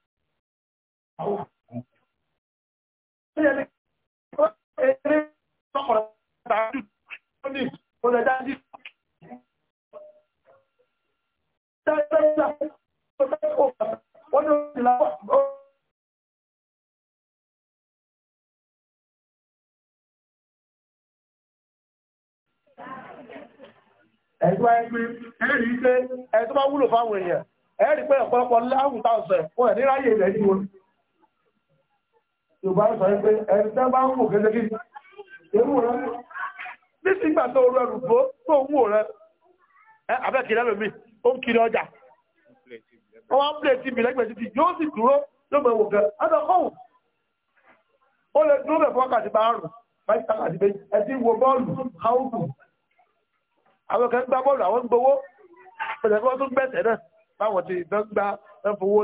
Wọ́n ni ó ti láwọ́ ẹ̀tọ́ ẹgbẹ́ ẹ̀rí pé ẹ̀tọ́ bá wúlò fáwọn èèyàn ẹ̀rí pé ọ̀pọ̀lọpọ̀ láwùn táwùsẹ̀ wọ́n ní ráyè ilẹ̀ ní wọn yorùbá sọ pé ẹni tẹ́ bá ń wò gẹ́gẹ́ kí ewu rẹ ní sígbà tó rẹ rùgbó tó ń wò rẹ abẹ́kì lẹ́lòmí ó ń kiri ọjà wọ́n wá ń plé tìbì lẹ́gbẹ̀ẹ́ títí yóò sì dúró ló mọ̀ wògẹ́ adọ́kọ̀wò ó lè dúró bẹ̀ fún wákàtí bá rùn báyìí wákàtí méjì ẹ̀ àwọn kan gbá bọ́ọ̀lù àwọn gbowó ọ̀sẹ̀ kí wọ́n tún gbẹ̀sẹ̀ náà báwọn ti gbá ń fowó